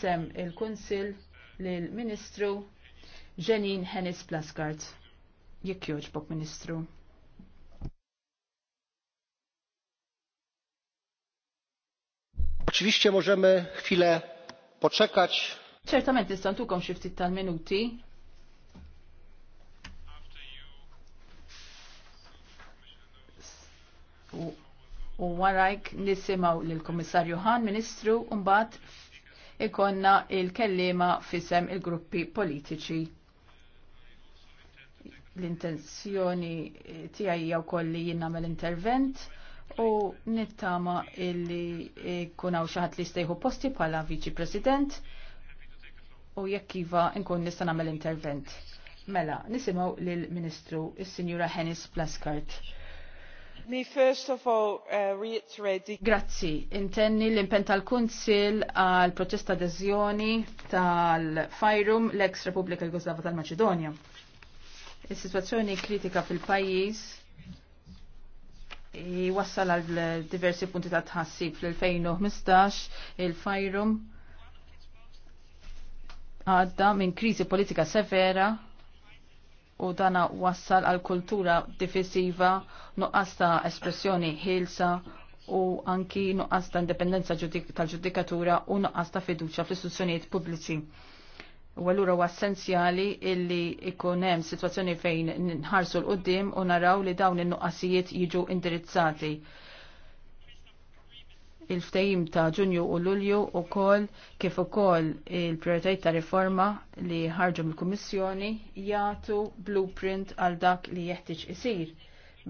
sem il-Kunsil lill-Ministru Ġenin Hennis Plaskart. Jekk joġbok Ministru. Oczywiście możemy chwilę poczekać. Ċertament nistantukom xi ftit tal-minuti. U warajk nisimaw lill-Kummissarju Han, Ministru, un mbagħad ikonna il-kellima fisem il-gruppi politiċi. L-intenzjoni tiegħi hija wkoll li jien nagħmel intervent u nittama illi kun hawn xi ħadd li jstejħu posti bħala viċi president u jekk iva nkun nista' nagħmel intervent. Mela, nisimgħu lill-Ministru il sinjura Hennis Plaskart. Uh, Grazzi, intenni l-impen tal-Kunsil għal protesta ta' adeżjoni tal-Fajrum l-ex Republika Jugoslava tal macedonia Il-situazzjoni kritika fil-pajjiż wassal għal diversi punti ta' tħassib fl-2015 il-Fajrum għadda minn krizi politika severa u dana wassal għal kultura difisiva nuqqas ta' espressjoni ħilsa u anki nuqqas ta' indipendenza tal-ġudikatura u nuqqas ta' fiduċa fl-istituzzjonijiet pubbliċi. U għallura u essenzjali illi ikunem situazzjoni fejn nħarsu l-qoddim u naraw li dawn il-nuqqasijiet jiġu indirizzati il ftajim ta' ġunju u lulju u kol kif ukoll il-prioritajt ta' riforma li ħarġu mill-Kummissjoni jagħtu blueprint għal dak li jeħtieġ isir.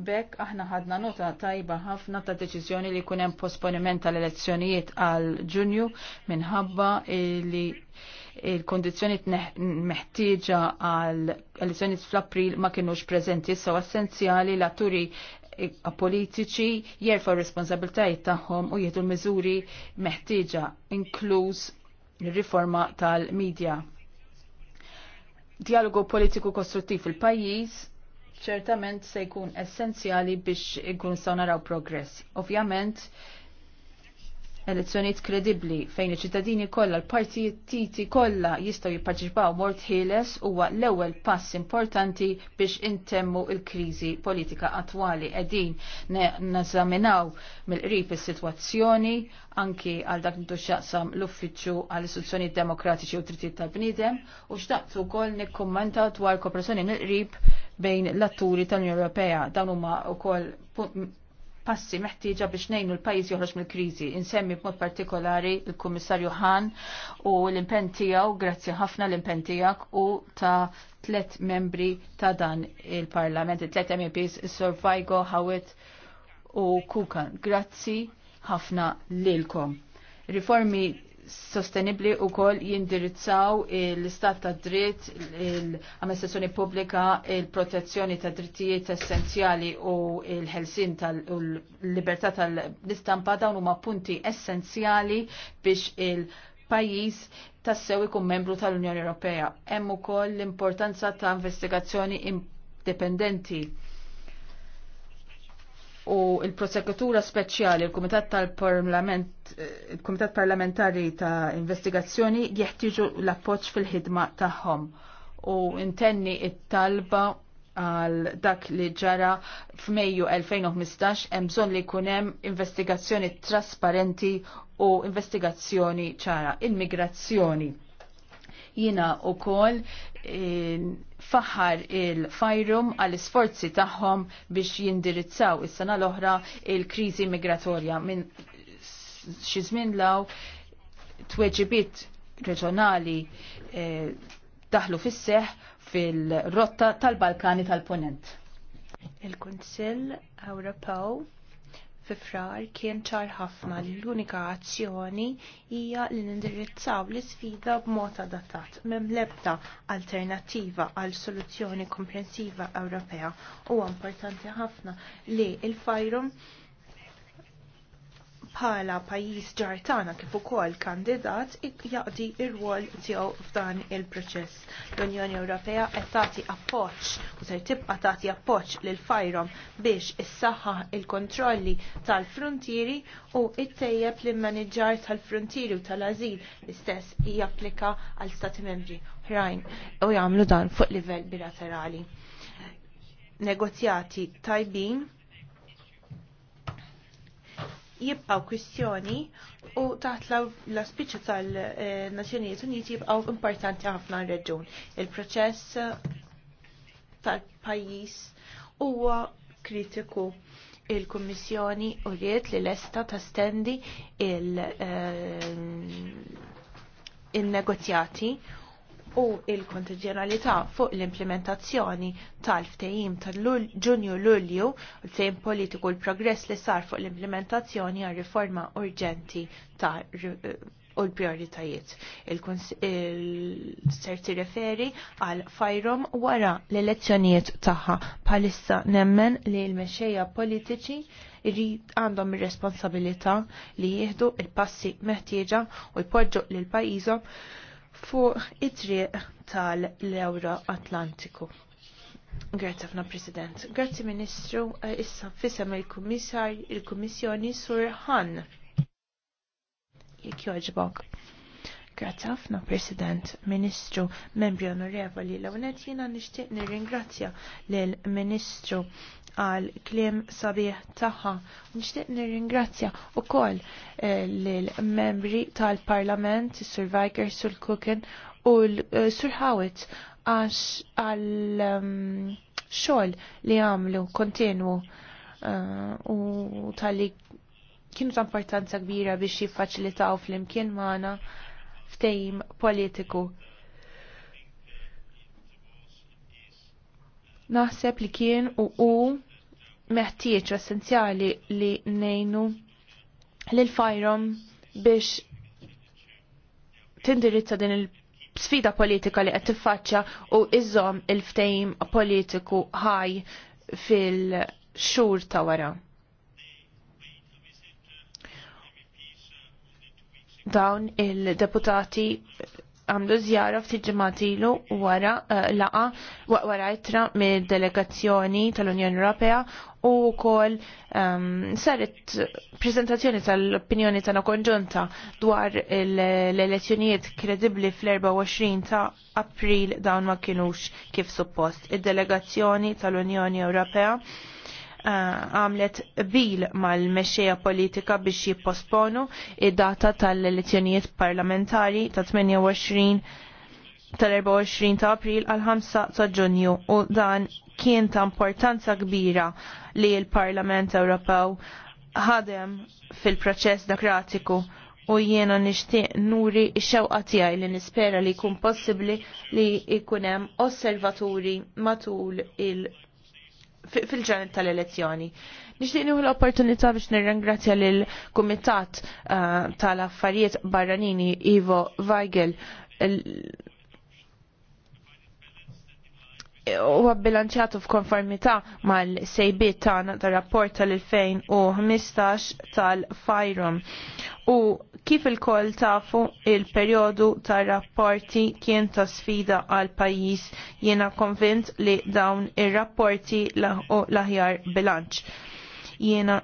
Bekk aħna ħadna nota tajba ħafna ta' deċiżjoni li kunem posponiment tal-elezzjonijiet għal ġunju minħabba li il-kondizjoni meħtieġa għal elezzjonijiet fl-April ma kienux preżenti, so essenzjali l-atturi politiċi jerfa responsabiltajiet tagħhom u jieħdu l-miżuri meħtieġa inkluż riforma tal-medja. Dialogu politiku kostruttiv fil-pajjiż ċertament se jkun essenzjali biex ikun saw naraw progress. Ovvjament, elezzjonijiet kredibbli fejn iċ-ċittadini kollha l-partijiet titi kollha jistgħu jipparteċipaw mort ħieles huwa l-ewwel pass importanti biex intemmu l-kriżi politika attwali qegħdin nażaminaw mill-qrib is-sitwazzjoni anki għal dak li xaqsam l-Uffiċċju għall istituzzjonijiet Demokratiċi u Trittijiet tal-Bniedem u xtaqt ukoll nikkummenta dwar kooperazzjoni mill-qrib bejn l-atturi tal-Unjoni Ewropea. Dawn huma wkoll passi meħtieġa biex nejnu l-pajis joħroġ mill-krizi. Insemmi b'mod partikolari il-Kummissarju Han u l-impen tiegħu, grazzi ħafna l-impen tiegħek u ta' tlet membri ta' dan il-Parlament, tlet MEPs, Survigo, Hawit u Kukan. Grazzi ħafna lilkom. Riformi sostenibli u kol jindirizzaw l-istat ta' dritt, l-amministrazzjoni pubblika, il-protezzjoni ta' drittijiet essenzjali u l-ħelsin tal-libertà tal-istampa dawn huma punti essenzjali biex il-pajis tassew ikun membru tal-Unjoni Ewropea. Hemm ukoll l-importanza ta' investigazzjoni indipendenti u il-prosekutura speċjali, il-Kumitat tal-Parlament, il-Kumitat Parlamentari ta' Investigazzjoni jeħtiġu l-appoċ fil-ħidma tagħhom u intenni it-talba għal dak li ġara f'Mejju 2015 hemm bżonn li jkun hemm investigazzjoni trasparenti u investigazzjoni ċara, immigrazzjoni. Jina u kol eh, faħar il-fajrum għall isforzi tagħhom biex jindirizzaw is-sena l-oħra il-kriżi migratorja minn xi żmien law tweġibiet reġjonali eh, daħlu fis-seħ fil-rotta tal-Balkani tal-Ponent. Il-Kunsill Ewropew fi frar kien ċar ħafna li l-unika azzjoni hija li nindirizzaw l-isfida b'mod adattat minn lebda alternattiva għal soluzzjoni komprensiva Ewropea. Huwa importanti ħafna li l fajrum bħala pajjiż ġartana kif ukoll kandidat jaqdi ir rwol tiegħu f'dan il-proċess. L-Unjoni Ewropea qed tagħti appoġġ u se tibqa' tagħti appoġġ lil fajrom biex issaħħa il-kontrolli tal-frontieri u ttejjeb li maniġġar tal-frontieri u tal-ażil l-istess japplika għal stati membri oħrajn u jagħmlu dan fuq livell bilaterali. Negozjati tajbin jibqaw kwistjoni u taħt l-aspiċi tal-Nazzjonijiet Uniti jibqaw importanti ħafna r-reġun. Il-proċess tal-pajis huwa kritiku il kommissjoni u riet li l-esta stendi il eh, negozjati u il-kontinġenalità fuq l-implementazzjoni tal-ftehim tal-ġunju lulju u ftehim politiku l-progress li sar fuq l-implementazzjoni għal riforma urġenti ta' u l-prioritajiet. Il-ser referi għal fajrom wara l-elezzjonijiet tagħha palissa nemmen li l-mexxejja politiċi irrid għandhom ir-responsabilità li jieħdu il-passi meħtieġa u jpoġġu l pajjiżhom fuq it-triq tal-Ewro Atlantiku. Grazie ħafna President. Grazie Ministru, eh, issa fisem il-Kummissar, il-Kummissjoni Sur Han. Jek joġbok. Grazie ħafna President, Ministru, membri onorevoli, l-għonet jina nishtiq nirringrazzja l-Ministru għal kliem sabiħ taħħa. Nishtiq nir-ringrazzja u koll eh, l-membri tal-parlament, Sir Viker, Sir Cookin u eh, Sir Howitt għax għal ehm, xol li għamlu kontinwu eh, u tal-li kienu ta' importanza kbira biex jiffaċilitaw fl-imkien maħna ftejim politiku. Naħseb li kien u u meħtieċ essenzjali li nejnu l fajrom biex tindirizza din il-sfida politika li qed tiffaċċja u iżom il-ftejim politiku ħaj fil xur ta' wara. Dawn il-deputati għamlu zjara ftit ġematilu wara eh, laqa wara itra mid delegazzjoni tal-Unjoni Ewropea u wkoll ehm, saret prezentazzjoni tal-opinjoni tagħna konġunta dwar l-elezzjonijiet kredibbli fl-24 ta' April dawn ma kinux kif suppost. Id-delegazzjoni tal-Unjoni Ewropea Eh, għamlet bil mal-mexxejja politika biex jipposponu id-data tal-elezzjonijiet parlamentari ta' 28 tal-24 ta' april għal 5 ta' ġunju u dan kien ta' importanza kbira li l-Parlament Ewropew ħadem fil-proċess demokratiku u jiena nixtieq nuri x-xewqa tiegħi li nispera li jkun possibbli li jkun hemm osservaturi matul il- fil-ġranet tal-elezzjoni. Nixtieq nieħu l-opportunità biex nirringrazzja lil kumitat eh, tal-affarijiet barranini Ivo Weigel huwa bilanċjatu f'konformità mal-sejbiet tagħna tar-rapport tal-2015 tal-Fajrum. U kif il-koll tafu il-perjodu tar-rapporti kien ta' sfida għal pajjiż jiena konvint li dawn ir-rapporti l-aħjar bilanċ. Jiena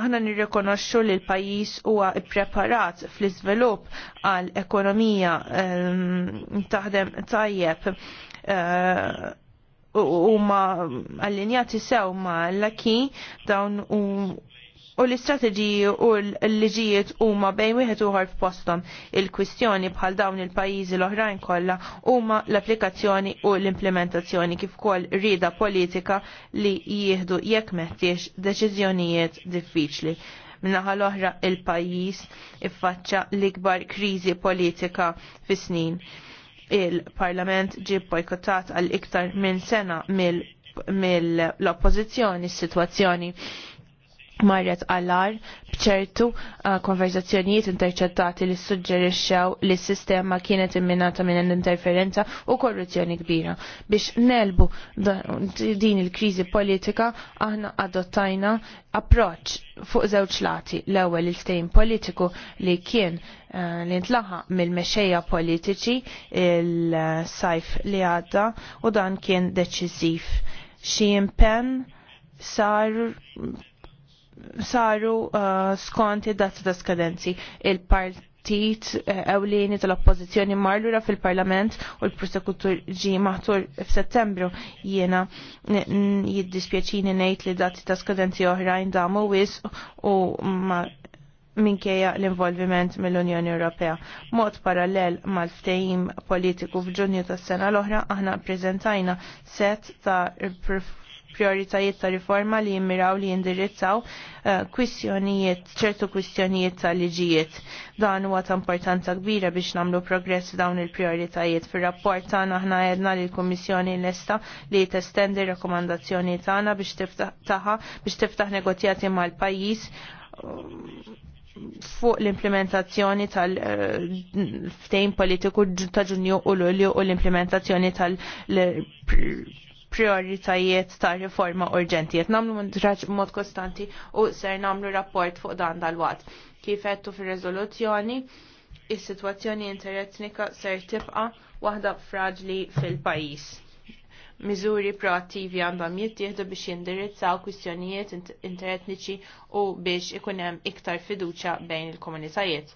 aħna nirrikonoxxu li l-pajjiż huwa ppreparat fl-iżvilupp għal ekonomija ehm, taħdem tajjeb. Uh, huma allinjati sew ma l-aki dawn u l-istrateġiji u l-liġijiet huma bejn wieħed uħar f'postom. Il-kwistjoni bħal dawn il-pajjiżi l-oħrajn kollha huma l-applikazzjoni u l-implementazzjoni kif ukoll rida politika li jieħdu jekk meħtiex deċiżjonijiet diffiċli. Minnaħa l-oħra il-pajjiż iffaċċa l-ikbar kriżi politika fis-snin. Il-Parlament ġib bojkottat għal iktar minn sena mill oppożizzjoni oppozizjoni s-situazzjoni marret għallar bċertu uh, konverzazzjonijiet interċettati li suġġerixxew li s-sistema kienet imminata minn interferenza u korruzzjoni kbira. Biex nelbu din il-krizi politika, aħna adottajna approċ fuq żewġ lati. L-ewwel il stejn politiku li kien uh, li ntlaħa mill-mexxejja politiċi il-sajf li għadda u dan kien deċiżiv. Xi impenn sar saru uh, skont id-data ta' skadenzi. Il-partit uh, ewlieni tal-oppozizjoni marlura fil-parlament u l-prosekutur ġi maħtur f'Settembru jiena jiddispjaċini ngħid li dati ta' skadenzi oħrajn damu wis u ma minkejja l-involviment mill-Unjoni Ewropea. Mod parallel mal-ftehim politiku f'Ġunju tas-sena l-oħra aħna ppreżentajna set ta' prioritajiet ta' riforma li jimmiraw li jindirizzaw eh, kwistjonijiet, ċertu kwistjonijiet ta' liġijiet. Dan huwa ta' importanza kbira biex namlu progress dawn il-prioritajiet. Fir-rapport tagħna aħna għedna li l-Kummissjoni lesta li testendi rakkomandazzjoni tagħna biex tiftaħ biex tiftaħ negozjati mal-pajjiż eh, fuq l-implementazzjoni tal-ftejn eh, politiku ta' ġunju u l-ulju u l-implementazzjoni tal- prioritajiet ta' riforma urġenti. Qed nagħmlu mod kostanti u ser nagħmlu rapport fuq dan dal wad Kif fi fir-riżoluzzjoni, is-sitwazzjoni interetnika ser tibqa' waħda fraġli fil-pajjiż. Miżuri proattivi għandhom jittieħdu biex jindirizzaw kwistjonijiet interetniċi u biex ikun hemm iktar fiduċja bejn il-komunitajiet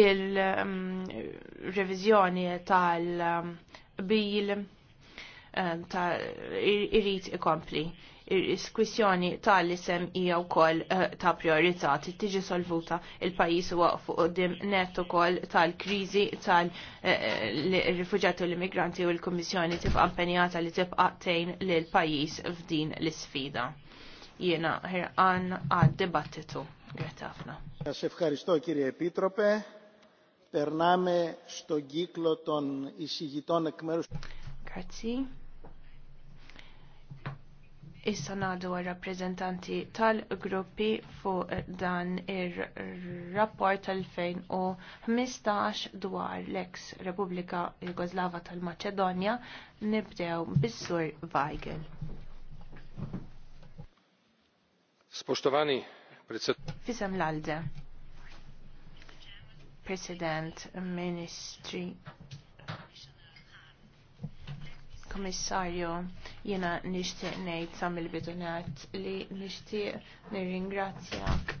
il-revizjoni um, tal um, bil eh, ta' irrit ikompli. Is-kwissjoni tal-isem hija wkoll eh, ta' priorità tiġi solvuta il-pajjiż huwa fuq qudiem net ukoll tal-kriżi tal-rifuġjati eh, u l-immigranti u l-Kummissjoni tibqa' impenjata li tibqa' tgħin lil pajjiż f'din l-isfida. Jiena ħirqan għad-dibattitu. Grazie ħafna. Grazie f'karisto kirje Epitrope. Περνάμε στον κύκλο των εισηγητών εκ μέρους... Grazie. Issa nadu rappresentanti tal-gruppi fuq dan ir-rapport tal-2015 dwar l-ex Repubblika Jugoslava tal-Maċedonja nibdew bis-sur Weigel. Spoštovani, predsednik. Fisem l-alde. President, Ministri, Komissarju, jena nishtiq nejt sam il bidunat li nishtiq nirringrazzjak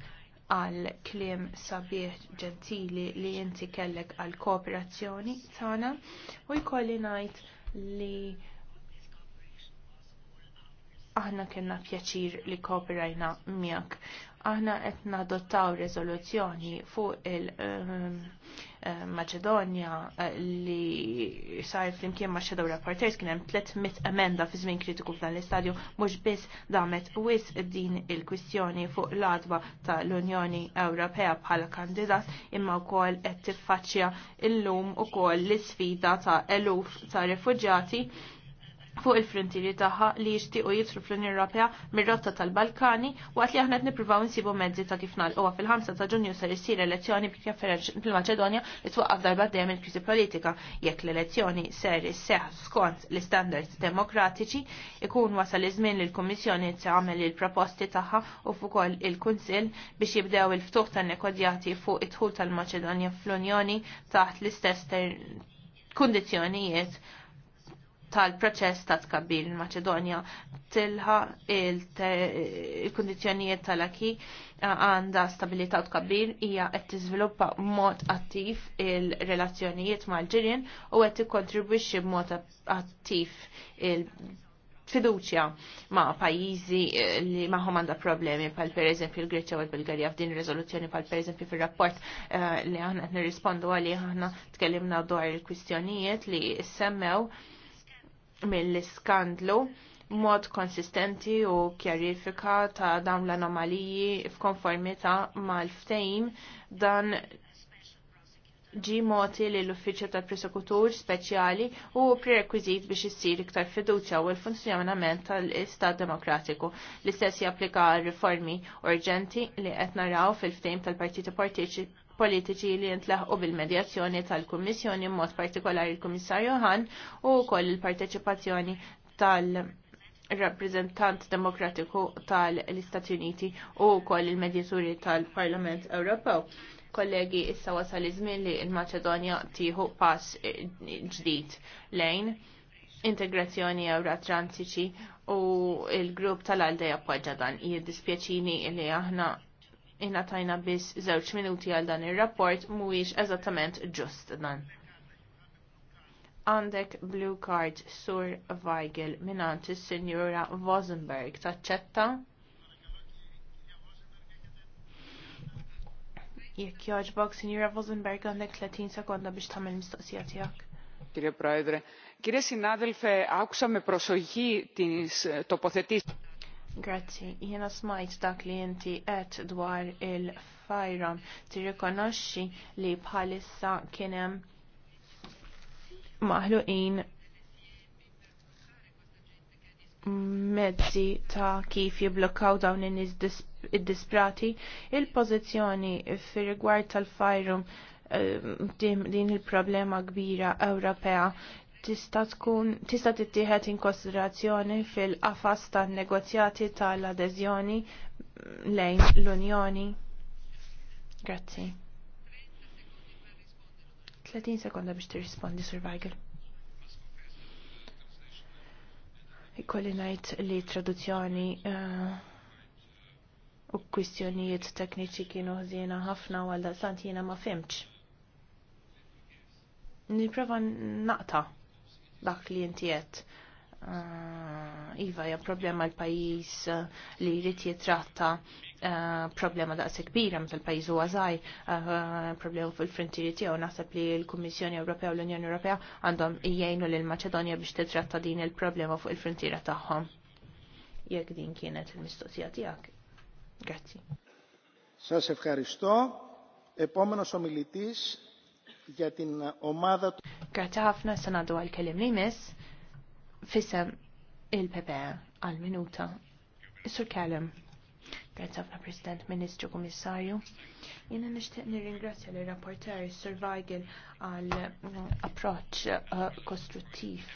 għal kliem sabiħ ġentili li jinti kellek għal kooperazzjoni tana u jkolli najt li aħna kena pjaċir li kooperajna miak aħna qed nadottaw riżoluzzjoni fuq il-Maċedonja ehm, ehm, eh, li sar flimkien ma' Rapporters kien hemm 300 emenda fi żmien kritiku f'dan l-istadju mhux biss damet wis din il-kwistjoni fuq l-adba tal-Unjoni Ewropea bħala kandidat imma wkoll qed tiffaċċja illum ukoll l-isfida ta' eluf ta' refuġjati fuq il-frontieri tagħha li jixtiequ jitru fl-Unjoni Ewropea mir-rotta tal-Balkani waqt li aħna qed nippruvaw insibu mezzi ta' kif nagħlqu fil-5 ta' Ġunju ser isir elezzjoni fil-Maċedonja li twaqqaf darba dejjem il-kriżi politika. Jekk l-elezzjoni ser isseħ skont l-istandards demokratiċi, ikun wasal iż-żmien li l-Kummissjoni tagħmel il-proposti tagħha u fuq il-Kunsill biex jibdew il-ftuħ tan-nekodjati fuq it-tħul tal-Maċedonja fl-Unjoni taħt l-istess kundizzjonijiet tal-proċess ta' tkabbir il-Maċedonja tilħa il-kondizjonijiet tal-aki għanda stabilità u tkabbir hija qed tiżviluppa mod attiv il-relazzjonijiet mal-ġirien u qed tikkontribwixxi b'mod attiv il fiduċja ma' pajizi eh, li maħom għanda problemi pal per eżempju il-Greċja u l-Bulgarija f'din riżoluzzjoni pal per eżempju fil-rapport eh, li aħna qed nirrispondu għalih aħna tkellimna dwar il-kwistjonijiet li semmew mill-iskandlu mod konsistenti u kjarifika ta' dawn l-anomaliji f'konformità mal-ftejm dan ġi moti li l-uffiċċju tal-prosekutur speċjali u prerekwizit biex issir iktar fiduċja u l-funzjonament tal-Istat Demokratiku. L-istess japplika riformi urġenti li qed naraw fil-ftehim tal-partiti politiċi li jintlaħqu bil-medjazzjoni tal-Kummissjoni mod partikolari l-Kummissarju Hahn u koll il-parteċipazzjoni tal- rappreżentant demokratiku tal-Istati Uniti u koll il-medjaturi tal-Parlament Ewropew. Kollegi, issa wasal iż-żmien li l-Maċedonja tieħu pass ġdid lejn integrazzjoni Ewratlantiċi u il-grupp tal aldeja appoġġa dan. Jiddispjaċini li aħna jina tajna bis zewċ minuti għal dan il rapport mhuwiex eżattament ġust dan. Għandek blue card sur Weigel minant il-Signora Vosenberg taċċetta. Jek joġbok, Signora Vosenberg għandek 30 sekonda biex tamil mistoqsijat tiegħek. Kire Πρόεδρε, kire Sinadelfe, għaksa me prosoħi tinis τοποθετήσεις. Grazzi, jiena smajt dak li inti qed dwar il ti tirrikonoxxi li bħalissa kien hemm maħluqin mezzi ta' kif jiblokkaw dawn in-nies id-disprati il-pożizzjoni fir-rigward tal-fajrum eh, din il-problema kbira Ewropea tista' tkun tista' tittieħed in konsiderazzjoni fil-qafas tan-negozjati tal-adeżjoni lejn l-Unjoni. Grazzi. 30 sekonda biex tirrispondi Sir Weigel. Ikkolli ngħid li traduzzjoni eh, u kwistjonijiet tekniċi kienu ħżiena ħafna u għal sant jiena ma fimx. Niprofa naqta' dak li inti ah, iva, hija problema l-pajis ah, li jrid jitratta ah, problema daqs kbira meta l-pajis huwa żgħir, uh, problema fil-frontieri tiegħu naħseb li l-Kummissjoni Ewropea u l-Unjoni Ewropea għandhom jgħinu lil Maċedonja biex titratta din il-problema fuq il-frontiera tagħhom. Jekk din kienet il-mistoqsija tiegħek. Grazzi. Sasef Karisto, epomenos omilitis για την ομάδα του. Grazzi sanadu għal-kelim li mis fissem il pepe għal-minuta. Sur Kellem. Grazzi ħafna President, Ministru, Kummissarju. Jena nishtiq nirringrazzja l rapporter Sir Weigel għal approċ uh, kostruttiv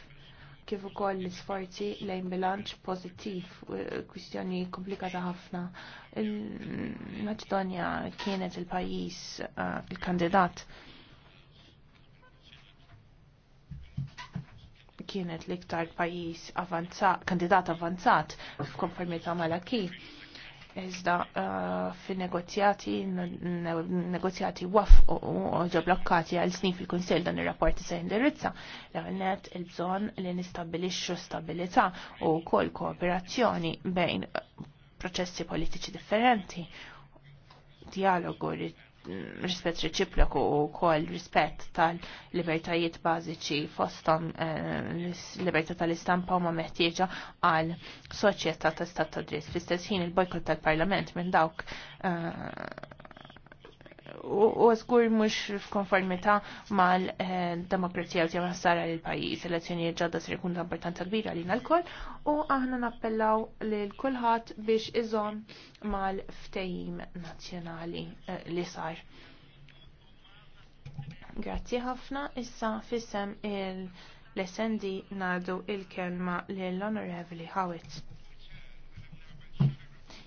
kif ukoll l-isforzi lejn bilanċ pozittiv uh, kwistjoni komplikata ħafna. Il-Maċedonja kienet il pajis uh, il-kandidat uh, kienet l-iktar pajis avanzat, kandidat avanzat f'konformità mal-akki. Iżda uh, fin-negozjati, negozjati wafqu u ġo blokkati għal snin fil konsil dan ir-rapporti se jindirizza l-għalnet il-bżon li nistabilixxu stabilità u kol kooperazzjoni bejn proċessi politiċi differenti dialogu rispett reċiproku u kol rispett tal-libertajiet bażiċi fostom eh, libertà tal-istampa u ma meħtieġa għal soċjetà ta' stat ta' dris. Fistess ħin il-bojkot tal-parlament minn dawk eh, u mux f'konformita mal-demokrazija eh, u tjema ħsara l-pajis. Elezzjonijiet ġadda s ikun importanza kbira li l u aħna nappellaw li l-kulħat biex iżon mal-ftejim nazjonali eh, li sar. Grazzi ħafna, issa fissem il- l-essendi nadu il-kelma l honorevli Howitt.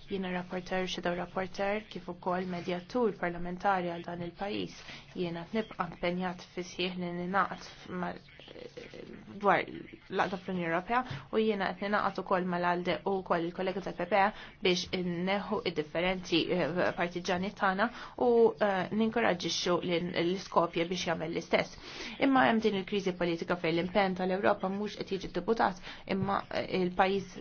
Jiena rapporter xedaw rapporter kif ukoll medjatur parlamentari għal dan il-pajis. Jiena nibqa' impenjat fi sieħ li ninaqt dwar laqda fl-Unjoni Ewropea u jiena qed ningħaqad ukoll mal-għalde u wkoll il-kollega tal-PPA e biex inneħħu id-differenti eh, partiġani tagħna u eh, ninkoraġġixxu l iskopja biex jagħmel l-istess. Imma hemm din il-kriżi politika fejn l-impenn tal-Ewropa mhux qed jiġi deputat imma eh, il-pajjiż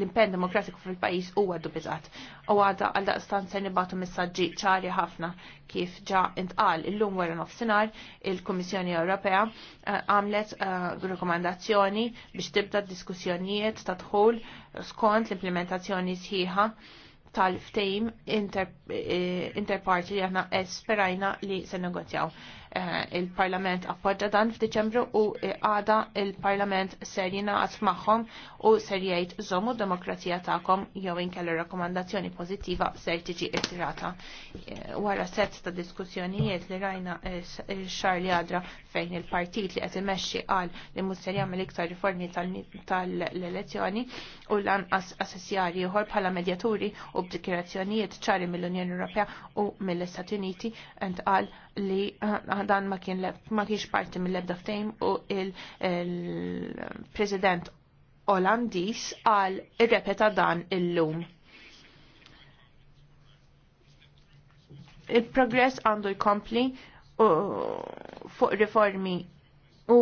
l-impenn demokratiku fil-pajjiż huwa dubitat u għada għal daqstan se nibatu messaġġi ċari ħafna kif ġa intqal illum wara nofsinhar il-Kummissjoni Ewropea eh, għamlet eh, rekomandazzjoni biex tibda diskussjonijiet ta' dħul skont l-implementazzjoni sħiħa tal-ftejm eh, interparti li aħna esperajna li se negozjaw. Eh, il-Parlament appoġġa dan f'Diċembru u eh, għada il-Parlament ser jingħaqad magħhom u ser jgħid żommu demokrazija tagħkom jew inkella rakkomandazzjoni pożittiva ser tiġi ittirata eh, Wara set ta' diskussjonijiet li rajna xar li għadra fejn il-partit li qed imexxi qal li mhux ser jagħmel iktar riformi tal-elezzjoni u lanqas assessjari ieħor bħala medjaturi u b'dikirazzjonijiet ċari mill-Unjoni Ewropea u mill-Istati Uniti intqal li ah, dan ma kien ma kienx parti mill-ebda ftejm u il-President Olandis għal irrepeta dan illum. Il-progress għandu jkompli fuq riformi U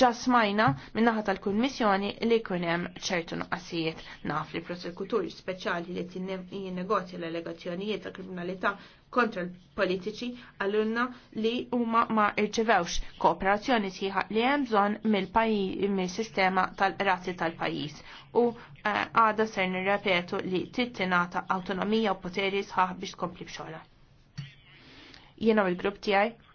ġasmajna minnaħat tal-Kummissjoni li kunem ċertu nuqqasijiet naf li prosekuturi speċjali li t-negozja l-allegazzjonijiet ta' kriminalità kontra l-politiċi għallunna li huma ma irċevewx kooperazzjoni sħiħa li hemm bżonn mill-sistema tal-razzi tal-pajjiż. U eh, għada ser nirrepetu li tittinata autonomija u poteri sħaħ biex tkompli bxola. Jiena u l-grupp tiegħi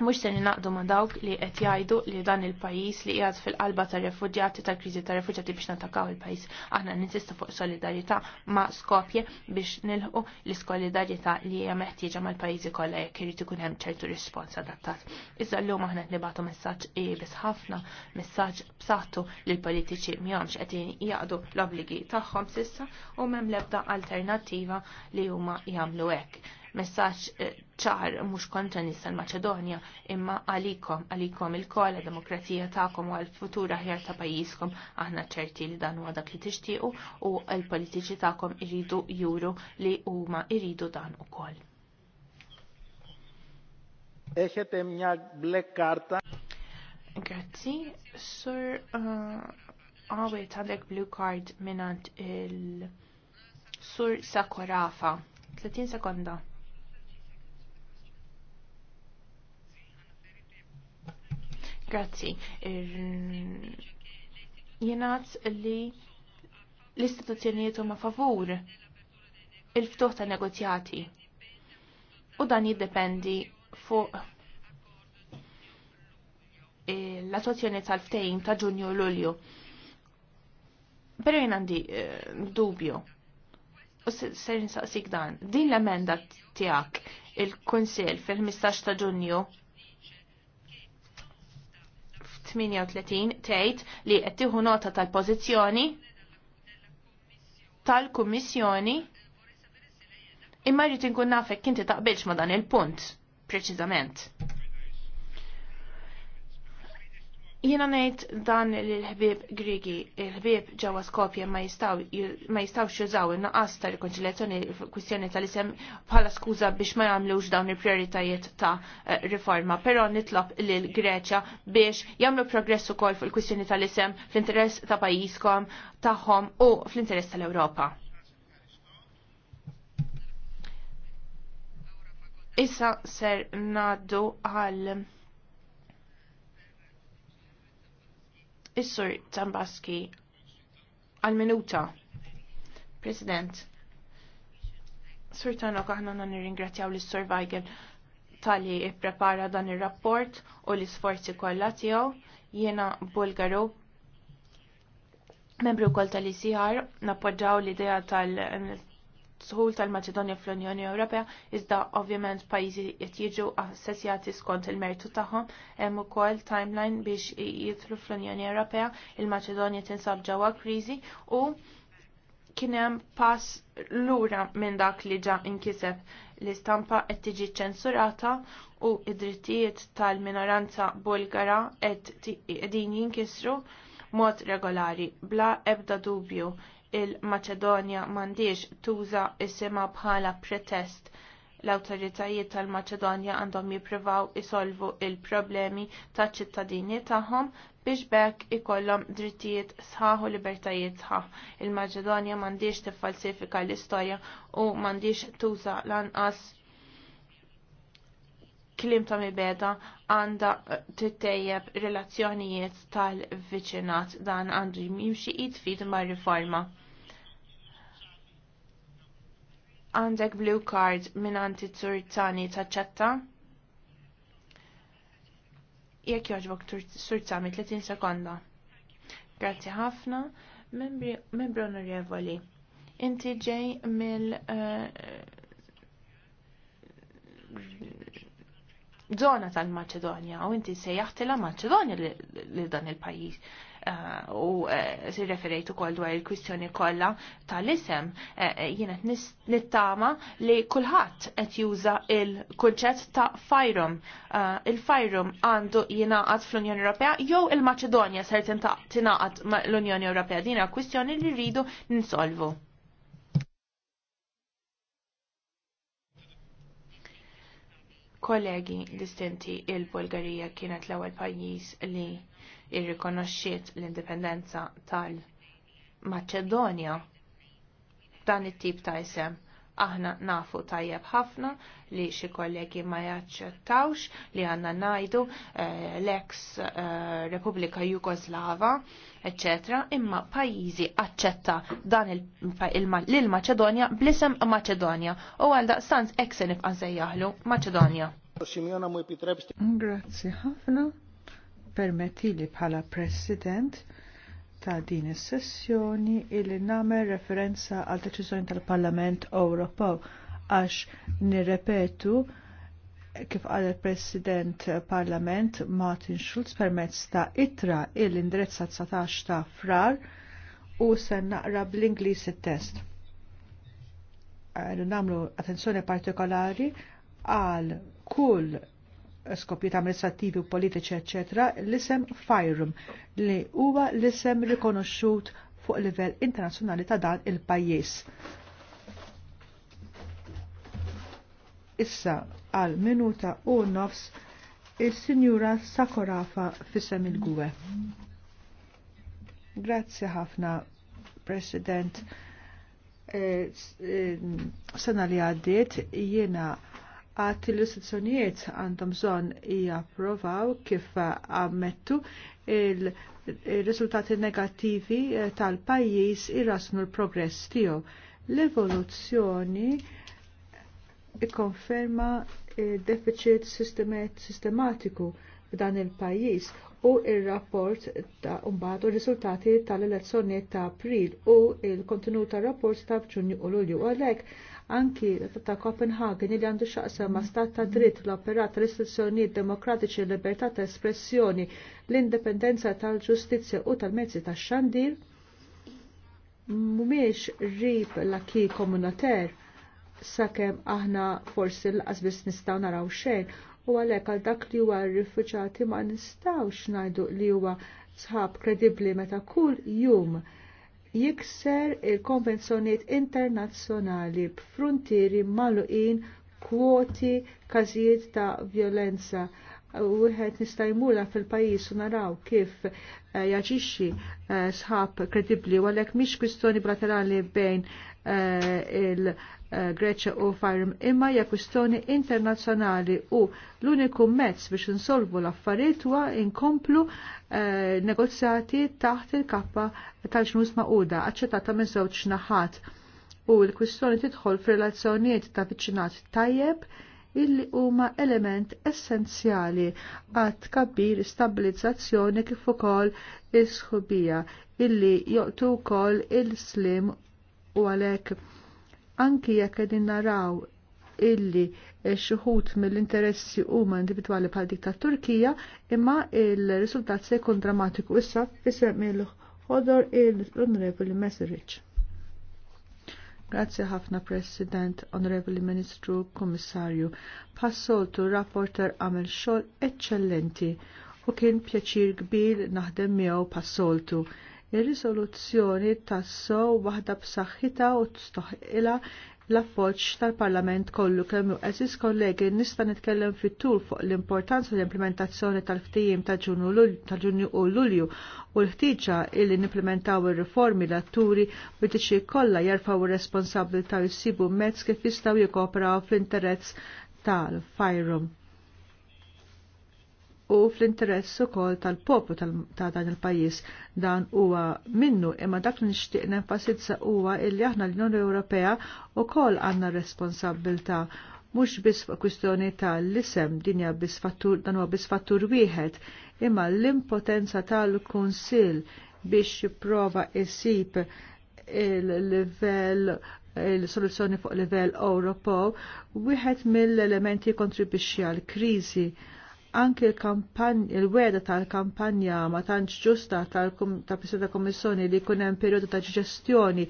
Mux se naqdu ma dawk li qed jgħidu li dan il-pajjiż li jgħad fil-qalba tar refugjati tal-kriżi tar refugjati biex natakaw il-pajjiż. Aħna ninsistu fuq solidarjetà ma' Skopje biex nilħu l-solidarjetà li hija meħtieġa mal-pajjiżi kollha jekk irid ikun hemm ċertu rispons adattat. Iżda llum aħna qed nibagħtu messaġġ qiebis ħafna, messaġġ b'saħħtu li l-politiċi m'hemmx qed jgħadu l-obbligi tagħhom sissa u m'hemm l-ebda alternattiva li huma jagħmlu hekk messaġġ eh, ċar mhux kontra nisa l-Maċedonja imma għalikom għalikom il-kol demokrazija tagħkom u għall futura ħjar ta' pajjiżkom aħna ċerti li dan huwa dak li tixtiequ u l-politiċi tagħkom iridu juru li huma iridu dan ukoll. Eħet mia black karta. Grazzi, sur eh, għawet għandek blue card minant il-sur Sakorafa. 30 sekonda. Grazzi. Jenaz li l-istituzzjonijiet huma favur il-ftuħ ta' negozjati. U dan jiddependi fuq l-attuazzjoni tal-ftejn ta' ġunju u lulju. Pero jien għandi eh, dubju. U ser nsaqsik dan, din l-emenda tiegħek il konsil fil-15 ta' Ġunju 38 tgħid li qed tieħu nota tal-pożizzjoni tal-Kummissjoni imma rrid inkun nafek inti taqbilx ma' dan il-punt preċiżament. Jiena ngħid dan l-ħbieb Grigi, il-ħbieb ġewwa Skopje ma jistgħux jużaw in-naqas ta' rikonċiljazzjoni kwistjoni tal-isem bħala skuża biex ma jagħmlux dawn il prioritajiet ta' eh, riforma, però nitlob l Greċja biex jagħmlu progress ukoll fuq il-kwistjoni tal-isem fl-interess ta' pajjiżkom tagħhom u fl-interess tal-Ewropa. Issa ser naddu għal Is-Sur Zambaski għal-minuta. President, Sur Tanok aħna nirringrazzjaw lis-Sur Weigel tal-li prepara dan ir-rapport u l-isforzi kollha tiegħu jiena Bulgaru membru kol tal-ICR nappoġġaw l-idea tal Sħul tal-Maċedonja fl-Unjoni Ewropea iżda ovvjament pajjiżi qed jiġu assessjati skont il-mertu tagħhom hemm ukoll timeline biex jidħlu fl-Unjoni Ewropea il-Maċedonja tinsab ġewwa kriżi u kien hemm pass lura minn dak li ġa inkiseb l-istampa qed tiġi ċensurata u id-drittijiet tal-minoranza bulgara qed qegħdin jinkisru mod regolari bla ebda dubju il-Maċedonja m'għandix tuża isimha bħala pretest l-awtoritajiet tal-Maċedonja għandhom jippruvaw isolvu il-problemi taċ ċittadini tagħhom biex bekk ikollhom drittijiet sħaħ u libertajiet sħaħ. Il-Maċedonja m'għandix tiffalsifika l-istorja u m'għandix tuża lanqas klim ta' mibeda għanda tittejjeb relazzjonijiet tal-viċinat dan għandu jimxi id-fid ma' riforma. Għandek blue card minn anti Turzani taċċetta? Jekk joġbok Turzani 30 sekonda. Grazzi ħafna, membri onorevoli. Inti ġej mill eh, zona tal-Maċedonja u inti sejjaħti la Maċedonja li dan il-pajis. Eh, u eh, si referejtu kol dwar il-kwistjoni kollha tal-isem eh, jiena nittama li kulħadd qed juża il-kunċett ta' fajrum. Il-fajrum għandu jingħaqad fl-Unjoni Ewropea jew il-Maċedonja ser tinaqat l-Unjoni Ewropea din hija kwistjoni li rridu ninsolvu. kollegi distinti il-Bulgarija kienet l-ewwel pajjiż li irrikonoxxiet l-indipendenza tal-Maċedonja dan it-tip ta' isem. Aħna nafu tajjeb ħafna li xi kollegi ma jaċċettawx li għandna ngħidu eh, l-ex eh, Repubblika Jugoslava, etc. Imma pajjiżi aċċetta dan il-Maċedonja il blisem Maċedonja u għal daqstanz eksen ifqan sejjaħlu Maċedonja. Grazie ħafna permettili bħala president ta' din is-sessjoni illi nagħmel referenza għal deċiżjoni tal-Parlament Ewropew għax nirrepetu kif qal il-President Parlament Martin Schulz permezz ta' itra il indrezza 19 ta' frar u se naqra bl-Ingliż it-test. Namlu attenzjoni partikolari għal kull ta amministrativi u politiċi, eccetera, l-isem FIRUM li huwa l-isem rikonoxxut fuq livell internazzjonali ta' dan il-pajjiż. Issa għal minuta u nofs il-Sinjura Sakorafa fissem il-Gwe. Grazzi ħafna, President. Eh, eh, sena li għaddiet jiena għat l-istituzzjonijiet għandhom bżonn japprovaw kif ammettu il-riżultati negattivi eh, tal-pajjiż irrasnu l-progress tiegħu. L-evoluzzjoni ikkonferma deficit sistematiku f'dan il-pajjiż u il-rapport ta' umbad u riżultati tal-elezzjonijiet ta' April u il-kontenut tar rapport ta' Ġunju u Lulju. Għalhekk anki ta' Copenhagen li għandu xaqsam ma' stat ta' dritt l-operat l-istituzzjonijiet demokratiċi libertà ta' espressjoni l-indipendenza tal-ġustizzja u tal-mezzi ta' xandir mumiex rib l-akki komunater sakemm aħna forsi l-qasbis nistaw naraw xejn u għalhekk għal dak li huwa rifuġati ma nistawx ngħidu li huwa sħab kredibbli meta kull jum jikser il-konvenzjoniet internazzjonali b'frontieri magħluqin kwoti każijiet ta' violenza wieħed nista' jmura fil-pajjiż u naraw kif eh, jaġixxi eh, sħab kredibbli u għalhekk mhix kwistjoni bilaterali bejn eh, il-Greċja u Farm imma hija kwistjoni internazzjonali u l-uniku mezz biex insolvu l-affarijiet huwa inkomplu negozjati taħt il-kappa tal-ġnus maquda aċċettata minn żewġ naħat u l-kwistjoni tidħol f'relazzjonijiet ta' viċinat tajjeb illi huma element essenzjali għat kabbir stabilizzazzjoni kif ukoll is-sħubija illi joqtu wkoll il-slim u għalhekk anki jekk qegħdin naraw illi xuħut mill-interessi huma individwali bħal dik tat Turkija imma il-riżultat se jkun drammatiku issa isem il-ħodor il-Onorevoli Messerich. Grazzi ħafna President, Honorable Ministru, Kommissarju. Passoltu rapporter għamel xogħol eċċellenti u kien pjaċir kbir naħdem miegħu passoltu. Ir-risoluzzjoni tassow waħda b'saħħitha u tstoħqilha l-appoġġ tal-Parlament kollu kemm eżis kollegi nista' nitkellem fit-tul fuq l-importanza l-implementazzjoni tal ftijim ta' Ġunju u Lulju u l-ħtiġa illi nimplementaw ir-riformi l-atturi politiċi kollha jerfaw ir-responsabilità jsibu mezz kif jistgħu jikkooperaw fl-interess tal-fajrum u fl-interess ukoll tal-poplu ta' dan il-pajjiż dan huwa minnu imma dak li nixtieq nenfasizza huwa illi aħna l-Unjoni Ewropea ukoll għandna responsabbilta mhux biss kwistjoni tal-isem dinja biss fattur dan huwa biss fattur wieħed imma l-impotenza tal-Kunsill biex jipprova isib il-livell il-soluzzjoni fuq livell Ewropew wieħed mill-elementi kontribwixxi għall kriżi anki il-weda tal-kampanja ma tantx ġusta tal-Presidenta Kommissjoni li jkun hemm perjodu ta' ġestjoni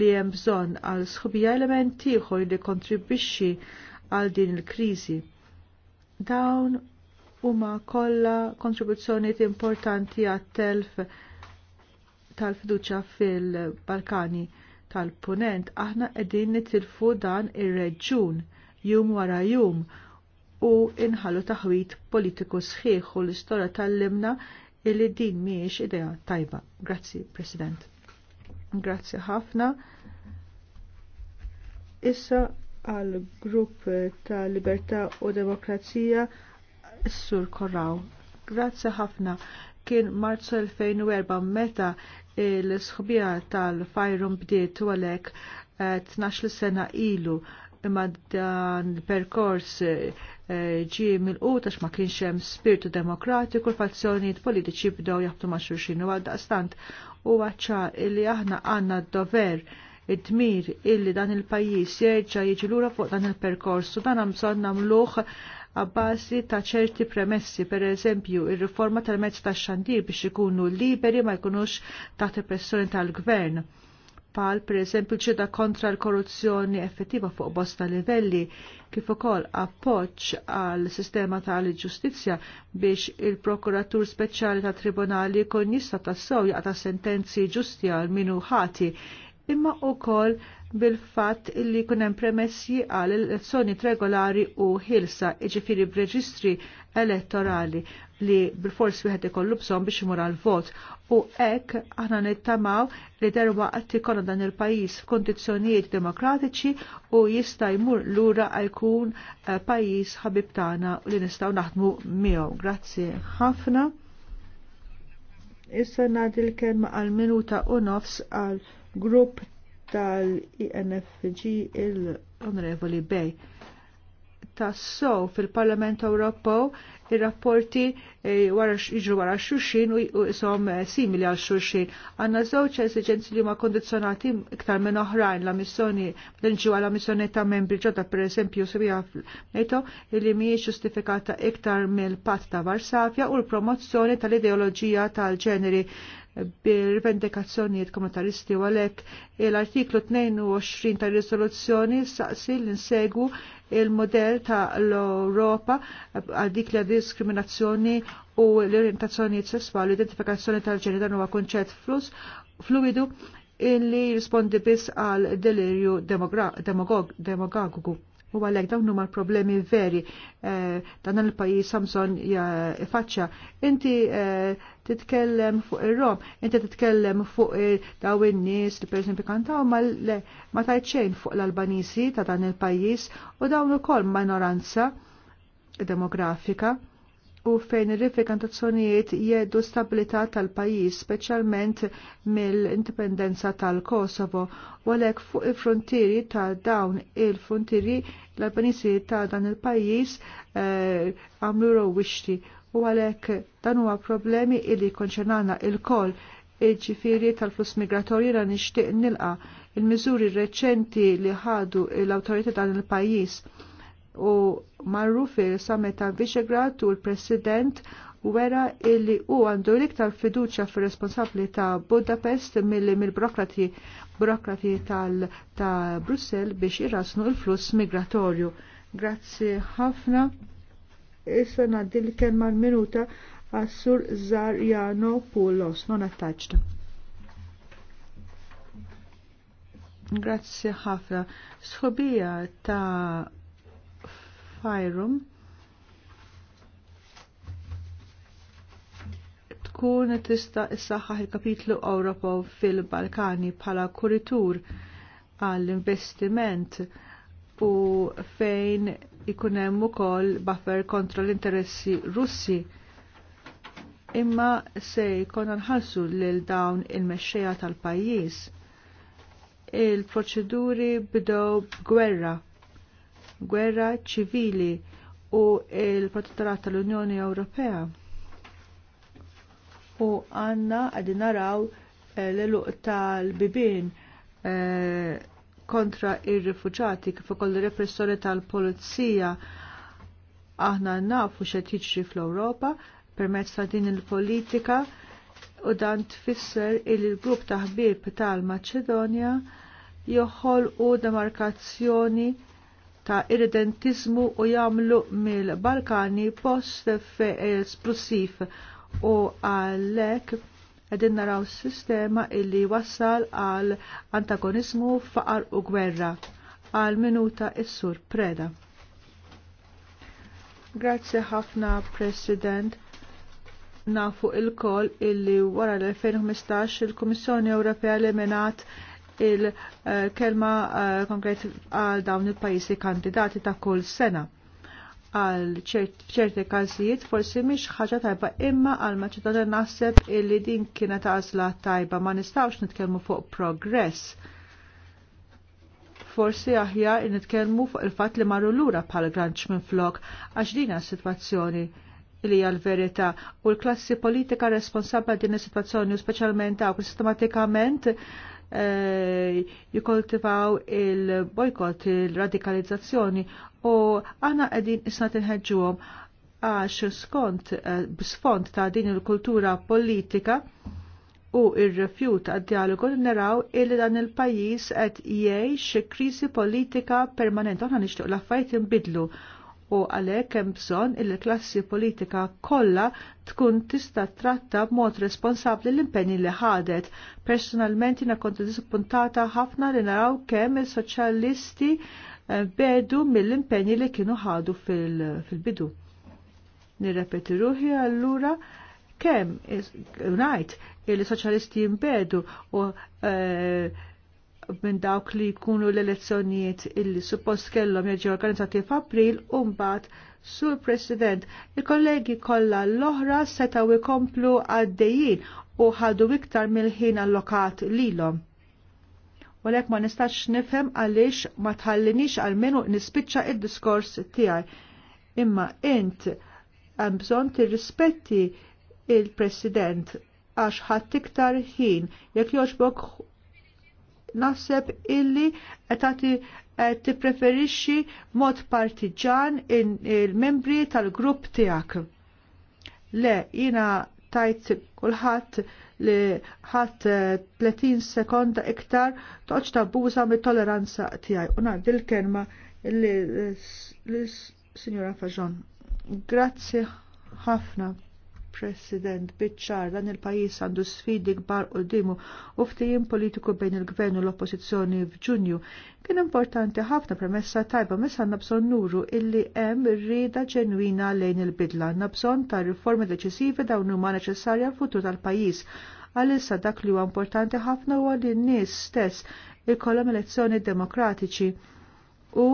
li hemm bżonn għal sħubija elementi ieħor li kontribwixxi għal din il-kriżi. Dawn huma kollha kontribuzzjonijiet importanti għat-telf tal-fiduċja fil-Balkani tal-Punent aħna qegħdin nitilfu dan ir-reġjun jum wara jum u inħallu taħwit politiku sħiħ u l-istorja tal-limna illi din miex idea tajba. Grazzi, President. Grazzi ħafna. Issa għal grupp ta' Libertà u Demokrazija Sur Korraw. Grazzi ħafna. Kien Marzu 2004 meta l-sħbija tal-fajrum bdiet u għalek 12 eh, sena ilu imma dan il-perkors ġi mill-qutax ma kienx hemm spiritu demokratiku l-fazzjonijiet politiċi bdew jaħdu ma' xulxin u għaldaqstant u għacċa illi aħna għandna d-dover id-dmir illi dan il-pajjiż jerġa' jiġi lura fuq dan il perkors u dan għamżon bżonn għabbasi ta' ċerti premessi, per eżempju, il-riforma tal-mezz ta' xandir biex ikunu liberi ma' jkunux taħt pressjoni tal-gvern pal per eżempju ċeda kontra l-korruzzjoni effettiva fuq bosta livelli, kif ukoll appoġġ għal sistema tal-ġustizzja biex il-prokuratur speċjali ta' tribunali kon jista' tassew jaqta' sentenzi ġusti għal minu ħati, imma ukoll bil-fatt li kunem premessi għal elezzjoni regolari u ħilsa, iġifiri b'reġistri elettorali li b'forsi wieħed ikollu bżonn biex imur għal vot u hekk aħna nittamaw li derwa qatt ikollna dan il-pajjiż f'kondizzjonijiet demokratiċi u jista' jmur lura jkun eh, pajjiż ħabib tagħna li nistgħu naħdmu miegħu. Grazzi ħafna. Issa ngħaddi l-kelma għal minuta u nofs għal grupp tal-INFG il-Onorevoli Bej. Tas-so fil-Parlament Ewropew ir-rapporti jiġu eh, wara xulxin u jisom eh, simili għal xulxin. Għanna żewġ esiġenzi li ma kondizzjonati iktar minn oħrajn la missjoni l inġu għala missjoni ta' membri ġodda per eżempju subija NATO li mhijiex ġustifikata iktar mill pat ta' Varsavja u l-promozzjoni tal-ideoloġija tal-ġeneri bil-vendikazzjonijiet komunitaristi u għalek l-artiklu 22 ta' risoluzzjoni saqsi l-insegu il-modell ta' l-Europa għal dik li diskriminazzjoni u l-orientazzjoni sessuali, identifikazzjoni tal-ġeni dan huwa kunċett flus fluidu illi rispondi biss għal delirju demogog. U għalek dawn huma problemi veri eh, dan il-pajis Samson faċċa. Inti eh, titkellem fuq ir-rom, inti titkellem fuq daw in-nies li pereżempju kantaw ma tajċejn xejn fuq l-Albanisi ta' dan il-pajis u dawn ukoll minoranza demografika u fejn ir-rifikantazzjonijiet jeddu stabilità tal-pajjiż, speċjalment mill-indipendenza tal-Kosovo, u għalhekk fuq il-frontieri ta' dawn il-frontieri l-Albanisi ta' dan il-pajjiż eh, għamlu rowixti u għalhekk dan huwa problemi illi konċernana il-koll il-ġifiri tal fluss migratorji ra nixtieq nilqa il-miżuri reċenti li ħadu l-awtorità dan il-pajjiż u marru fil-summit Visegrad u l-President wera illi u għandu l-iktar fiduċa fil responsabli ta' Budapest mill mill-burokrati burokrati tal ta' Brussel biex irrasnu l-fluss migratorju. Grazzi ħafna. Issa naddi li kien mal-minuta għassur Zarjano Pulos, non attached. Grazzi ħafna. Sħobija ta' Fajrum tkun tista' issaħħaħ il-kapitlu Ewropa fil-Balkani bħala kuritur għall-investiment u fejn ikun hemm ukoll buffer kontra l-interessi Russi. Imma se jkollna nħallsu lil dawn il-mexxejja tal-pajjiż. Il-proċeduri bdew b'gwerra gwerra ċivili u il-protettorat tal-Unjoni Ewropea. U għanna għadin naraw eh, l-eluq tal-bibin eh, kontra ir-rifuġati kif ukoll ir-repressori tal-polizija aħna nafu xed jiġri fl-Ewropa permezz ta' din il-politika u dan tfisser il l-grupp ta' ħbieb tal-Maċedonja joħol u demarkazzjoni ta' irredentizmu u jamlu mill-Balkani post sprussif u għalek għedin naraw sistema illi wassal għal antagoniżmu faqar u gwerra għal minuta is-sur preda. Grazie ħafna President nafu il-kol illi wara l-2015 il-Komissjoni Ewropea l-Emenat il-kelma eh, konkret għal dawn il-pajjiżi kandidati ta' kull sena għal ċerti każijiet forsi mhix ħaġa tajba imma għal Maċedonja nasib illi din kienet għażla tajba ma nistgħux nitkellmu fuq progress. Forsi aħjar nitkellmu fuq il-fatt li marru lura bħal granċ minn flok għax din situazzjoni li hija l-verità u l-klassi politika responsabbla din is-sitwazzjoni u speċjalment għaw sistematikament Eh, jikoltivaw il-bojkot, il-radikalizzazzjoni u għana għedin isna tinħedġuhom għax skont b'sfond eh, ta' din il-kultura politika u il refjut għad dialogu naraw il dan il-pajjiż qed jgħix kriżi politika permanent. Aħna nixtieq laffajt affarijiet u għalhekk hemm bżonn il klassi politika kollha tkun tista' tratta b'mod responsabbli l-impenni li ħadet. Personalment jiena kont disappuntata ħafna li naraw kemm is-soċjalisti eh, bedu mill-impenni li kienu ħadu fil-bidu. Nirrepeti ruħi allura kemm ngħid il-soċjalisti jinbedu u uh, minn dawk li jkunu l-elezzjonijiet illi suppost kellhom jiġi organizzati f'April u mbagħad Sur President, il-kollegi kollha l-oħra setgħu jkomplu għaddejjin u ħadu iktar mill-ħin allokat lilhom Walek ma nistax nifhem għaliex ma tħallinix għal minu nispiċċa id-diskors tiegħi. Imma int hemm bżonn tirrispetti il-President għax ħadd iktar ħin jekk jogħġbok naħseb illi ti eh, tippreferixxi mod partiġan il-membri tal-grupp tiegħek. Le, jina tajt kulħadd li ħadd 30 eh, sekonda iktar ta' buza mit-toleranza tiegħi. U dil-kenma kelma li Signora Fajon. Grazzi ħafna. President Biċċar dan il-pajis għandu sfidi kbar quddiemu u ftijim politiku bejn il-gvern u l-oppożizzjoni f'Ġunju kien importanti ħafna premessa tajba mis għandna bżonn nuru illi hemm rieda ġenwina lejn il-bidla. Nabżon ta' riformi deċisivi dawn huma neċessarja futur tal-pajjiż. Għalissa dak li huwa importanti ħafna huwa li n-nies stess ikollhom elezzjoni demokratiċi u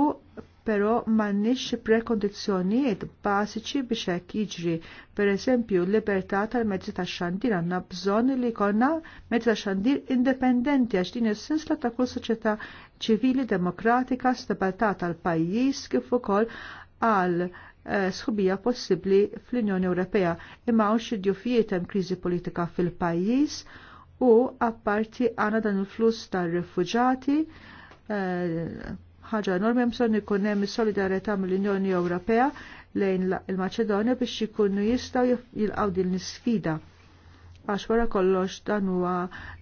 però m'għandniex prekondizzjonijiet bażiċi biex hekk jiġri. Pereżempju, libertà tal-mezzi tax-xandir għandna bżonn li konna mezzi ta' xandir indipendenti għax din is-sinsla ta' kull soċjetà ċivili demokratika, stabilità tal-pajjiż kif ukoll għal eh, sħubija possibbli fl-Unjoni Ewropea imma hawn xi djufijiet hemm kriżi politika fil-pajjiż u apparti għandna dan il flus tar-refuġati eh, ħaġa enormi bżonn ikun hemm is-solidarjetà mill-Unjoni Ewropea lejn il-Maċedonja biex ikunu jistgħu jilqgħu din l-isfida għax wara kollox dan huwa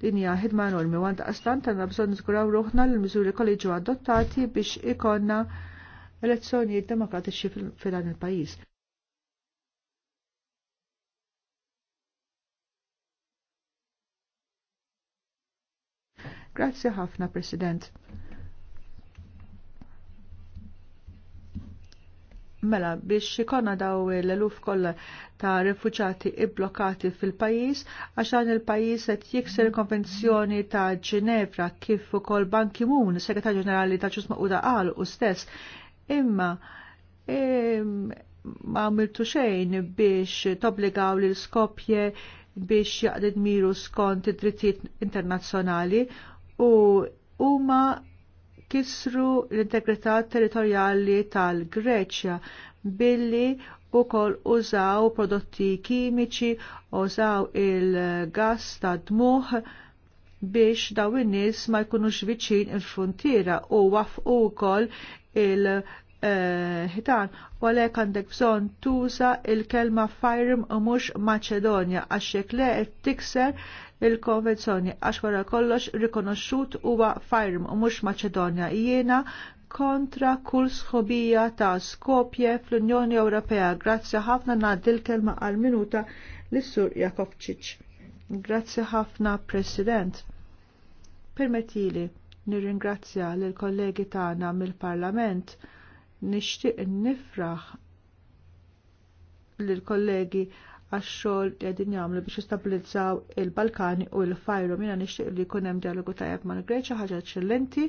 linja ħidma enormi għand qastan tagħna bżonn niżguraw ruħna l miżuri kolleġu adottati biex ikonna elezzjonijiet demokratiċi fil-dan il-pajjiż. Grazzi ħafna, President. Mela, biex ikonna daw l-eluf kollha ta' rifuġati ibblokati fil-pajis, għaxan il-pajis qed jikser konvenzjoni ta' Ġinevra kif ukoll Ban Ki-moon, segretar ġenerali ta' ġusma u qal u stess. Imma ma għamiltu xejn biex tobbligaw l Skopje biex jaqdid miru skont id-drittijiet internazzjonali u huma kisru l-integrità territorjali tal-Greċja billi wkoll użaw prodotti kimiċi, użaw il-gas ta' dmuħ biex daw in-nies ma jkunux viċin il-frontiera u wafqu wkoll il- eh, ħitan, u għalhekk għandek bżonn tuża il-kelma Fajrim u mhux Maċedonja għax hekk le qed tikser il-konvenzjoni għax wara kollox rikonoxxut huwa firm u mhux Maċedonja jiena kontra kull sħobija ta' Skopje fl-Unjoni Ewropea. Grazzi ħafna ngħaddi l-kelma għal minuta lis-Sur Jakovčić. Grazzi ħafna President. Permettili nirringrazzja lill kollegi tagħna mill-Parlament nixtieq nifraħ lill kollegi għax-xogħol li qegħdin jagħmlu biex jistabilizzaw il-Balkani u l-fajru jiena nixtieq li jkun hemm dialogu tajjeb mal-Greċja ħaġa eċċellenti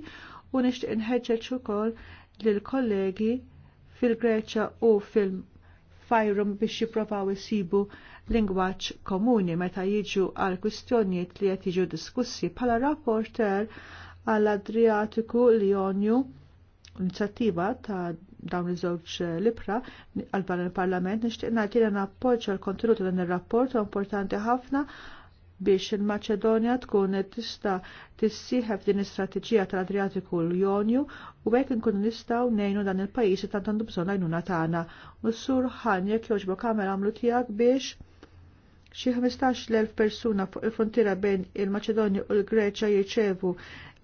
u nixtieq nħeġġeġ ukoll lill kollegi fil-Greċja u fil-fajrum biex jipprovaw isibu lingwaġġ komuni meta jiġu għal kwistjonijiet li qed jiġu diskussi bħala rapporter għall-Adriatiku Lionju inizjattiva ta' dawn iż-żewġ libra għal dan il-Parlament nixtieq ngħid li nappoġġja l-kontenut dan ir-rapport importanti ħafna biex il-Maċedonja tkun tista tissieħ din is-strateġija tal-Adriatiku l-Jonju u hekk inkunu nistgħu ngħinu dan il-pajjiż tant għandu bżonn għajnuna tagħna. U s-sur ħan jekk għamlu tiegħek biex xi 15 persuna fuq il-frontiera bejn il-Maċedonja u l-Greċja jirċevu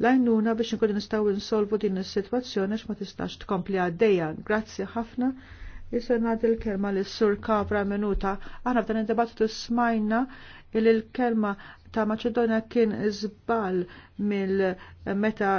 lajnuna biex nkunu nistgħu nsolvu din is-sitwazzjoni x'ma tistax tkompli għaddejja. Grazzi ħafna Issa nagħti l-kelma l sur Kavra minuta. Aħna f'dan id-dibattitu smajna il l-kelma ta' Maċedonja kien zbal mill meta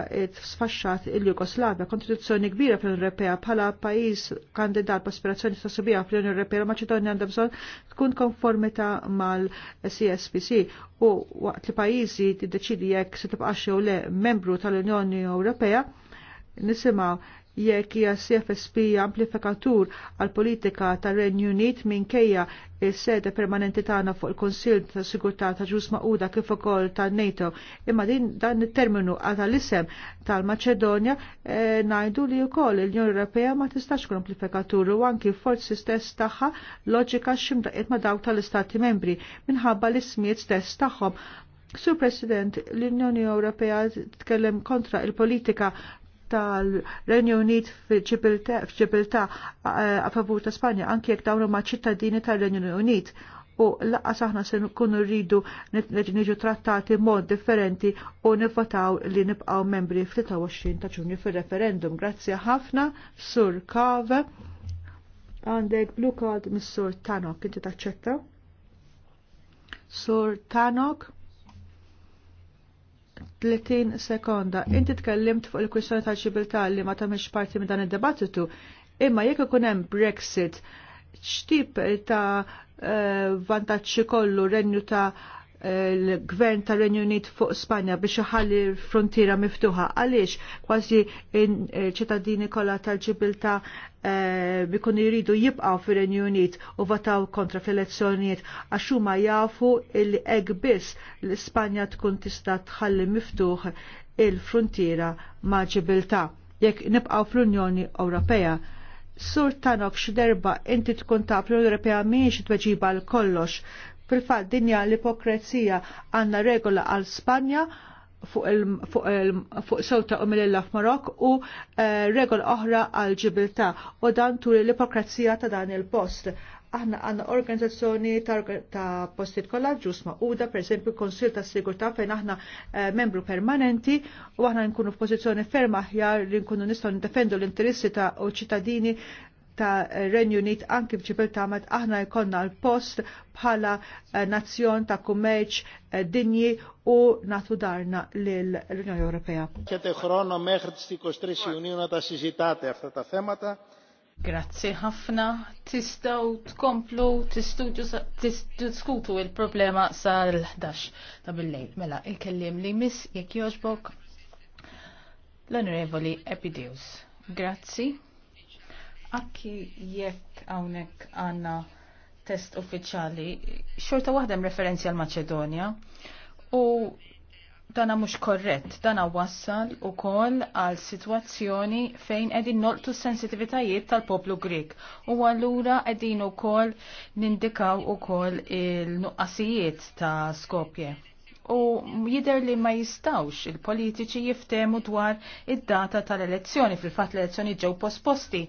sfasċat il-Jugoslavja. Kontribuzzjoni kbira fl-Unjoni Ewropea bħala pajjiż kandidat b'aspirazzjoni ta' subija fl-Unjoni Ewropea Maċedonja għandha bżonn tkun konformita mal-CSPC u waqt li pajjiżi tiddeċidi jekk se tibqax jew le membru tal-Unjoni Ewropea nisimgħu jekk hija CFSP amplifikatur għal politika tar renju Unit minkejja il sede permanenti tagħna fuq il konsil ta' Sigurtà ta' Ġus Maquda kif ukoll tan-NATO. Imma din dan it-terminu tal-isem tal-Maċedonja e, eh, ngħidu li wkoll l-Unjoni Ewropea ma tistax tkun amplifikatur u anki forsi stess tagħha loġika x'imdaqqiet ma' dawk tal-Istati Membri minħabba l-ismijiet stess tagħhom Sur President, l-Unjoni Ewropea tkellem kontra il-politika tal-Renju Unit f'ċibilta eh, a favur ta' Spanja, anki jekk dawn huma ċittadini tal-Renju Unit u laqqa aħna se nkunu rridu niġu trattati mod differenti u nivvotaw li nibqgħu membri fl-23 ta' ġunju fir-referendum. Grazzi ħafna, Sur Kave. għandeg blue card mis-Sur Tanok, inti taċċetta? Sur Tanok. 30 sekonda. Inti tkellimt fuq il-kwistjoni tal-ċibiltà li ma tagħmilx parti minn dan id-dibattitu, imma jekk ikun hemm Brexit, x'tip ta' eh, vantaġġi kollu renju ta' l-gvern tal-Renju Unit fuq Spanja biex iħalli l-frontiera miftuħa. Għaliex kważi ċittadini kollha tal-ġibilta eh, bikun jridu jibqaw fir-Renju Unit u votaw kontra fl-elezzjonijiet għax huma jafu il hekk biss l-Ispanja tkun tista' tħalli miftuħ il-frontiera ma' ġibilta jekk nibqaw fl-Unjoni Ewropea. Sur tanok x'derba inti tkun taf l europea miex tweġiba l kollox Fil-fat dinja l-ipokrezija għanna regola għal Spanja fuq il, fuq fuq u mill f'Marok u regola oħra għal ġibilta u dan tur l ipokrezija ta' dan il-post. Aħna għanna organizzazzjoni ta', ta postit kollha ġus ma'uda, per esempio Konsil ta' Sigurtà fejn aħna eh, membru permanenti u aħna nkunu f'pożizzjoni ferma aħjar li nkunu nistgħu nindefendu l-interessi ta' u ċittadini ta' Renju Unit anki ta' tamet aħna jkonna l-post bħala eh, nazzjon ta' kummeċ eh, dinji u natu darna l-Unjoni Ewropea. Kete ħrono meħr 23 juniju ta' siżitate għafta ta' temata. Grazzi ħafna. Tistaw tkomplu, diskutu il-problema sal-11 ta' bil-lejl. Mela, il-kellim li miss jek joġbok l-Onorevoli Epideus. Grazzi. Akki jekk hawnhekk għandna test uffiċjali, xorta waħda referenzi għal Maċedonja u dana mhux korrett, dana wassal ukoll għal sitwazzjoni fejn qegħdin noltu s-sensitivitajiet tal-poplu Grik u allura qegħdin ukoll nindikaw ukoll il-nuqqasijiet ta' Skopje u jider li ma jistawx il-politiċi jiftemu dwar id-data tal-elezzjoni, fil-fat l-elezzjoni ġew posposti.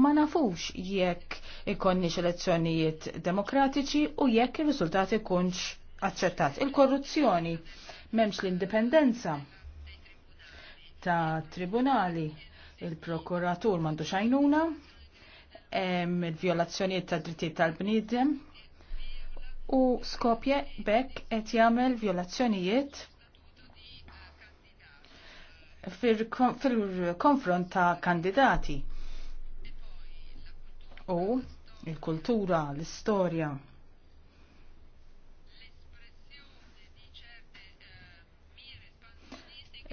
Ma nafux jekk ikonniex elezzjonijiet demokratiċi u jekk il-riżultat ikunx accettat. Il-korruzzjoni memx l-indipendenza ta' tribunali, il-prokuratur mandu xajnuna, il violazzjoniet ta' drittijiet tal-bnidem, u Skopje bekk qed jagħmel violazzjonijiet fil-konfront ta' kandidati. U il-kultura, l istoria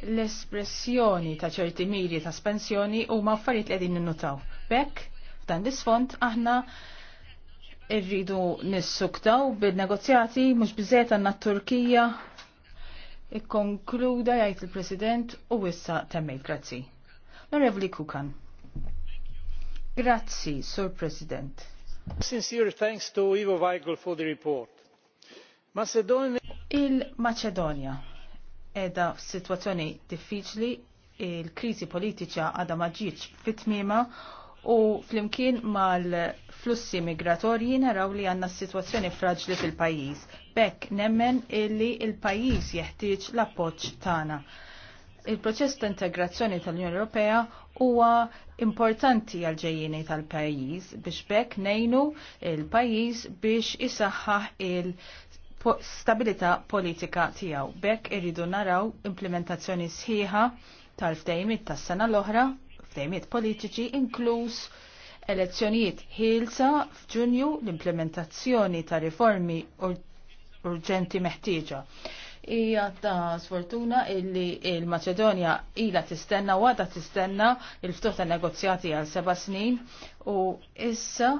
L-espressjoni ta' ċerti miri ta' spensjoni u maffariet affarijiet li qegħdin ninnutaw. Bekk, f'dan l-isfond aħna irridu nissuktaw bil-negozjati mhux biżejt għandna Turkija ikkonkluda jgħid il-President u issa temmej grazzi. Norevli Kukan. Grazzi, Sur President. Sincere thanks to Ivo Weigl for the report. Macedonia... Il-Macedonia edha f'sitwazzjoni diffiċli il-krizi politiċa għadha ma ġietx fit-tmiema u flimkien mal-flussi migratorji naraw li għanna situazzjoni fraġli fil-pajis. Bekk nemmen illi il-pajis jeħtieġ l-appoċ tagħna. Il-proċess ta' integrazzjoni tal-Unjoni Ewropea huwa importanti għal ġejjini tal-pajis biex bekk nejnu il-pajis biex isaħħaħ il- stabilità politika tiegħu. Bekk irridu naraw implementazzjoni sħiħa tal-ftejmit tas-sena l-oħra ftejmiet politiċi inkluż elezzjonijiet ħilsa f'Ġunju l-implementazzjoni ta' riformi urġenti meħtieġa. Ija ta' sfortuna illi il-Macedonia ila tistenna u għada tistenna il-ftuħ ta' negozjati għal seba snin u issa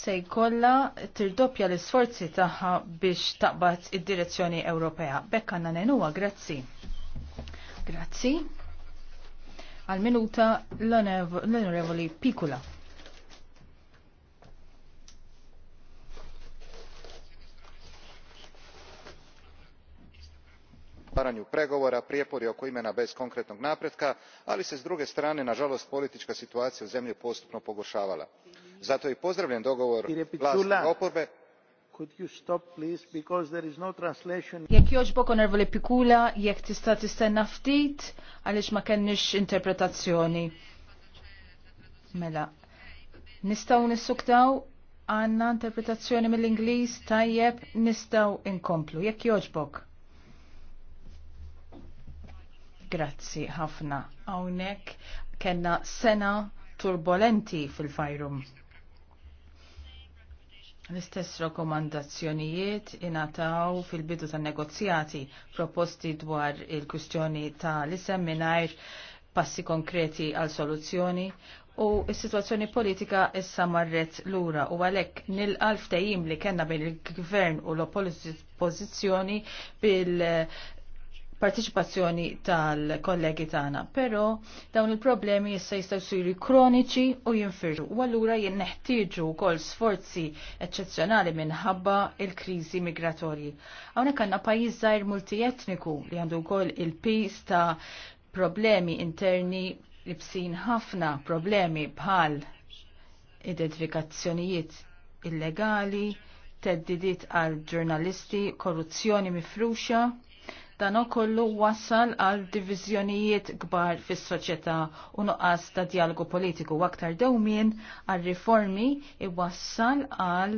se jkollha tirdoppja l-isforzi tagħha biex taqbad id-direzzjoni Ewropea. Bekk għandna nenuha, grazzi. Grazzi għal minuta l-onorevoli Pikula. otvaranju pregovora prijepori oko imena bez konkretnog napretka ali se s druge strane nažalost politička situacija u zemlji postupno pogoršavala. zato i pozdravljam dogovor vlasti oporbe Could you stop please because there is no translation? Jekk joġbok onervoli pikula, jekk tista' tistenna ftit għaliex ma kenniex interpretazzjoni. Mela. Nistgħu nissuktaw għandna interpretazzjoni mill-Ingliż tajjeb nistgħu inkomplu. Jekk joġbok. Grazzi ħafna. Hawnhekk kellna sena turbolenti fil-fajrum. L-istess rakomandazzjonijiet inataw fil-bidu ta' negozjati proposti dwar il-kustjoni ta' l-isem minajr passi konkreti għal soluzzjoni u s-situazzjoni politika issa marret lura u għalek nil-alf tajim li kena bejn il-gvern u l-oppozizjoni bil partiċipazzjoni tal-kollegi tagħna, però dawn il-problemi issa jistgħu jsiru kroniċi u jinfirru. U allura jien neħtieġu wkoll sforzi eċċezzjonali minħabba il-kriżi migratorji. Hawnhekk għandna pajjiż żgħir multietniku li għandu wkoll il-pis ta' problemi interni libsin ħafna problemi bħal identifikazzjonijiet illegali, teddidiet għal ġurnalisti, korruzzjoni mifruxa Dan kollu wasal għal diviżjonijiet kbar fis-soċjetà u nuqqas ta' dialogu politiku u aktar dewmien għal riformi iwassal għal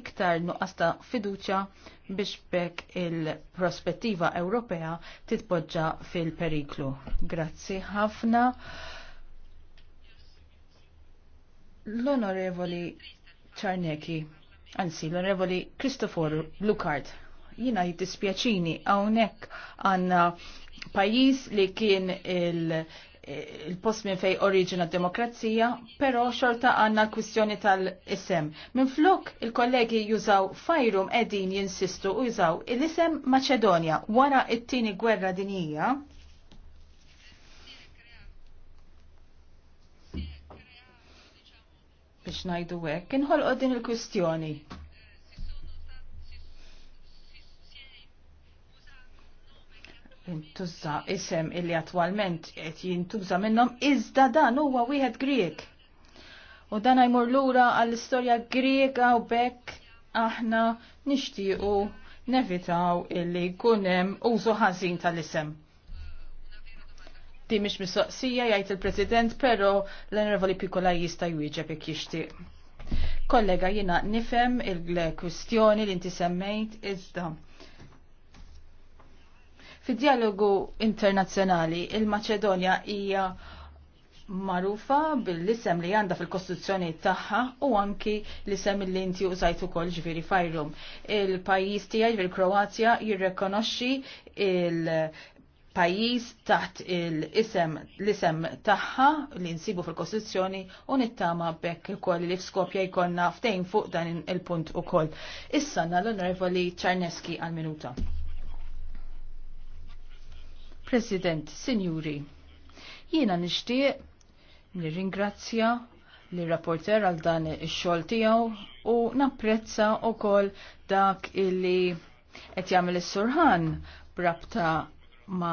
iktar nuqqas ta' fiduċa biex bekk il-prospettiva Ewropea titpoġġa fil-periklu. Grazzi ħafna. L-Onorevoli Czarnecki, anzi l-Onorevoli Kristoforu Lukard. Jina jiddispjaċini hawnhekk għandna pajjiż li kien il- il-post minn fej oriġina demokrazija, pero xorta għanna l-kwistjoni tal-isem. Minn flok il-kollegi jużaw fajrum edin jinsistu u jużaw il isem Macedonia wara it-tini gwerra dinija. biex najdu għek, inħolqu din il-kwistjoni jintuża isem illi attualment qed jintuża minnhom iżda dan huwa wieħed Grieg. U dan jmur lura għall-istorja Griega u bekk aħna nixtiequ nevitaw illi jkun hemm użu ħażin tal-isem. Di mish mistoqsija jgħid il-President, pero l-Onorevoli Pikola jista' jwieġeb jekk jixtieq. Kollega jiena nifhem il-kwistjoni li inti semmejt iżda Fid-dialogu internazzjonali, il-Maċedonja hija marufa bil-isem li għanda fil-kostituzzjoni tagħha u anki l-isem li inti użajt ukoll ġifieri fajrum. Il-pajjiż tiegħi ġifieri Kroazja jirrekonoxxi il pajjiż taħt l-isem l-isem tagħha li nsibu fil-Kostituzzjoni u nittama bekk ukoll li f'Skopja jkollna ftejn fuq dan il-punt ukoll. Issa l-Onorevoli Czarneski għal-minuta. President, Sinjuri, jiena nixtieq nirringrazzja li rapporter għal dan ix-xogħol tiegħu u napprezza wkoll dak illi qed jagħmel is-surħan brabta ma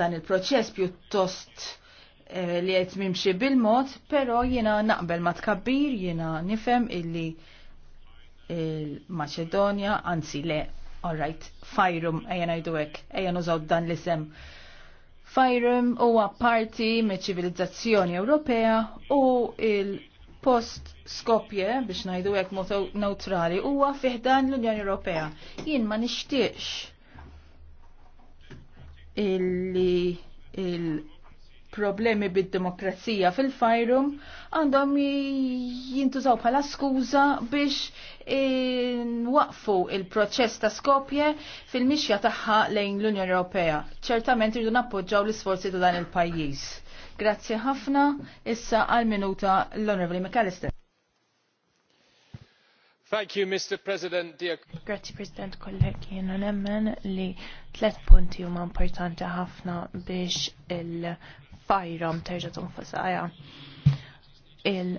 dan il-proċess pjuttost eh, li qed mimxi bil-mod, però jiena naqbel ma tkabbir jiena nifhem illi il-Maċedonja, anzi le, Alright, Fajrum, ejja najdu hekk, ejja nużaw dan l-isem. Fajrum huwa parti me ċivilizzazzjoni Ewropea u il-post Skopje biex najdu hekk mod neutrali huwa fiħdan l-Unjoni Ewropea. Jien ma nixtieqx illi il problemi bid-demokrazija fil-fajrum għandhom jintużaw bħala skuża biex waqfu il-proċess ta' Skopje fil-mixja taħħa lejn l-Unjoni Ewropea. Ċertament rridu nappoġġaw l-isforzi ta' dan il-pajjiż. Grazzi ħafna, issa għal minuta l-Onorevoli McAllister. Thank you, Mr. President. Dear... Grazie, President, kollegi. Jena nemmen li tlet punti huma importanti ħafna biex il-fajrom terġa' tunfusaja. Il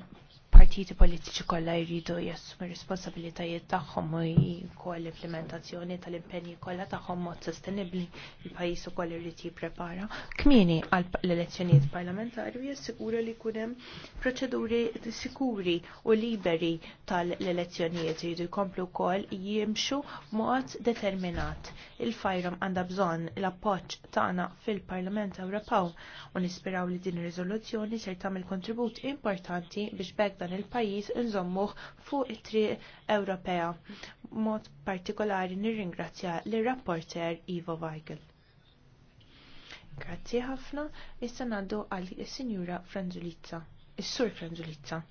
partiti politiċi kollha jridu jassumu responsabilitajiet tagħhom u jkoll implementazzjoni tal-impenji kollha tagħhom mod sostenibbli il-pajjiż ukoll irid jipprepara kmieni għal l-elezzjonijiet parlamentari u li jkun hemm proċeduri sikuri u liberi tal-elezzjonijiet jridu jkomplu wkoll jimxu mod determinat. Il-fajrom għandha bżonn l-appoġġ tagħna fil-Parlament Ewropew u nispiraw li din ir-riżoluzzjoni ser tagħmel kontribut importanti biex bekk dan il il-pajjiż inżommuh fuq it-triq Ewropea. Mod partikolari nirringrazzja lir-rapporter Ivo Weigel. Grazzi ħafna, issa ngħaddu għal is-Sinjura Franzulizza. Is-Sur Franzulizza.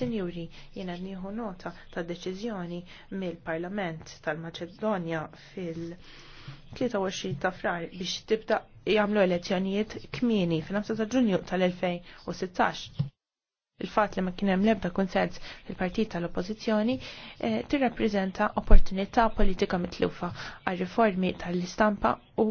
Sinjuri, jiena nieħu nota ta' deċiżjoni mill-Parlament tal-Maċedonja fil- 23 ta' frar biex tibda jagħmlu elezzjonijiet kmieni fil-5 ta' Ġunju tal-2016 il-fat li ma kien hemm l-ebda konsens il partit tal-oppożizzjoni ti eh, tirrappreżenta opportunità politika mitlufa għal riformi tal-istampa u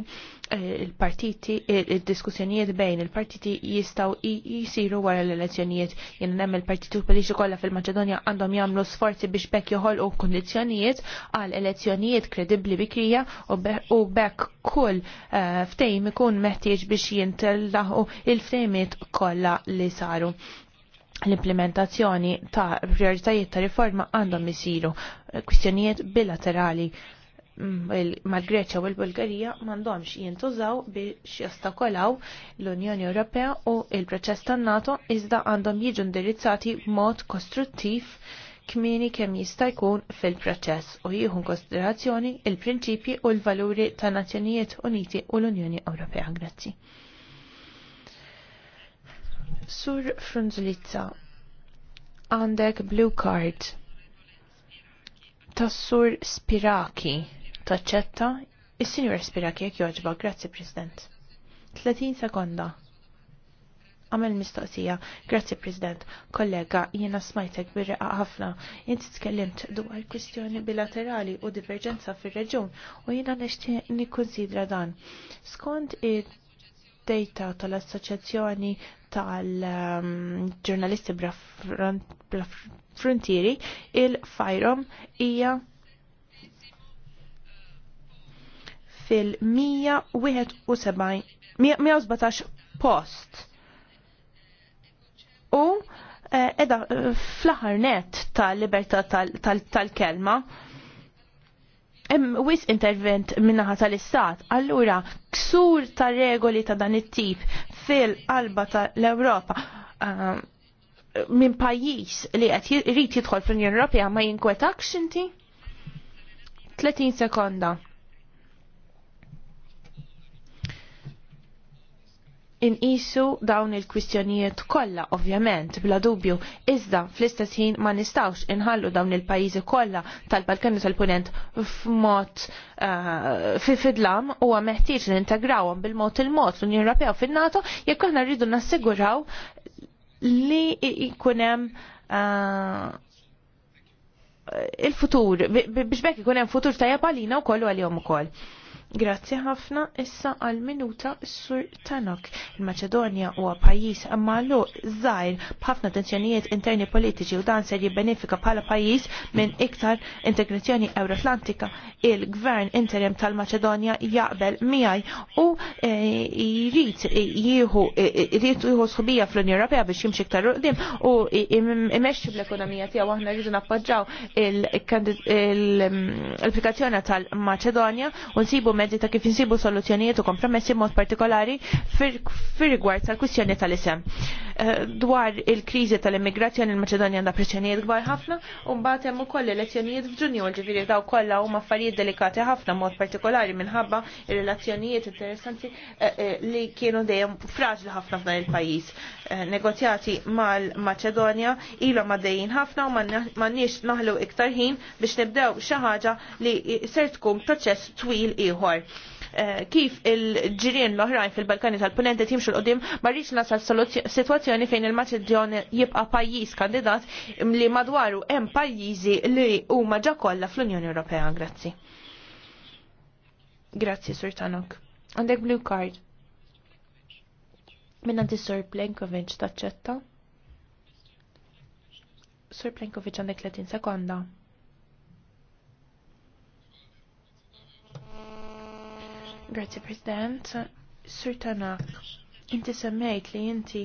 eh, il-partiti eh, id-diskussjonijiet bejn il-partiti jistgħu jisiru wara l-elezzjonijiet jien hemm il-partiti politiċi kollha fil-Maċedonja għandhom jagħmlu sforzi biex bekk joħolqu kundizzjonijiet għal elezzjonijiet kredibbli bikrija u, bekk kull uh, ftejm ikun meħtieġ biex jintellaħu il-ftejmiet kollha li saru l-implementazzjoni ta' prioritajiet ta' riforma għandhom isiru eh, kwistjonijiet bilaterali mm, mal-Greċja u l-Bulgarija m'għandhomx jintużaw biex jostakolaw l-Unjoni Ewropea u il-proċess tan-NATO iżda għandhom jiġu indirizzati b'mod kostruttiv kmini kemm jista' jkun fil-proċess u jieħu konsiderazzjoni il-prinċipji u l-valuri tan Nazzjonijiet Uniti u l-Unjoni Ewropea. Grazzi. Sur Frunzlitza, għandek blue card tas Sur Spiraki taċċetta Is-Sinjur Spiraki jekk joġba, grazzi President. 30 sekonda. Għamil mistoqsija, grazzi President, kollega, jiena smajtek birri ħafna, inti tkellimt dwar kwistjoni bilaterali u divergenza fir reġun u jiena nixtieq nikonsidra dan. Skont il data tal-Assoċjazzjoni tal-Ġurnalisti bla Frontieri il-Fajrom hija fil 171 post. U eh, edha eh, fl-ħarnet tal-libertà tal-kelma. Tal tal tal hemm wis intervent minnaħa tal-Istat. Allura ksur ta' regoli ta' dan it-tip fil-qalba tal-Ewropa eh, minn pajjiż li qed jrid jidħol fl-Unjoni Ewropea ma jinkwetakx inti? 30 sekonda. inqisu dawn il-kwistjonijiet kollha ovvjament bla dubju iżda fl-istess ħin ma nistawx inħallu dawn il-pajjiżi kollha tal-Balkani tal-Punent f'mod eh, fi fidlam u meħtieġ li integrawhom bil-mod il-mod l-Unjoni Ewropea fin-NATO jekk aħna rridu nassiguraw li jkun hemm eh, il-futur biex bekk ikun hemm futur tajja palina wkoll u għalihom ukoll. Grazzi ħafna issa għal minuta s-sur Tanok. Il-Maċedonja huwa pajjiż malu żgħir b'ħafna tensjonijiet interni politiċi u dan ser jibbenefika bħala pajjiż minn iktar integrazzjoni Euroatlantika. Il-Gvern interim tal-Maċedonja jaqbel miegħi u eh, jrid eh, jieħu eh, jrid jieħu sħubija fl-Unjoni Ewropea biex jimxi iktar qudiem u imexxi fl-ekonomija tiegħu aħna rridu nappoġġaw il applikazzjoni tal-Maċedonja u nsibu mezzi ta' kif insibu soluzzjonijiet u kompromessi mod partikolari fir-rigward tal-kwistjoni tal-isem. Eh, dwar il-kriżi tal-immigrazzjoni il-Maċedonja għandha pressjonijiet kbar ħafna u mbagħad hemm ukoll elezzjonijiet f'Ġunju ġifieri daw kollha huma affarijiet delikati ħafna mod partikolari minħabba il relazzjonijiet interessanti eh, eh, li kienu dejjem fraġli ħafna f'dan il-pajjiż. Negozjati mal-Maċedonja ilhom dejjin ħafna u m'għandniex naħlu iktar ħin biex nibdew xi ħaġa li ser tkun proċess twil ieħor ieħor eh, kif il-ġirien l-oħrajn fil-Balkani tal-Punenti timxu l-qoddim marriċ nasal situazzjoni fejn il-Maċedjon jibqa pajjiż kandidat li madwaru hemm pajjiżi li huma ġa kollha fl-Unjoni Ewropea. Grazzi. Grazzi, Sur Tanok. Għandek blue card. Minna di Sur Plenkovic taċċetta. Sur Plenkovic għandek 30 sekonda. Grazie President. Sur Tanak, inti semmejt li inti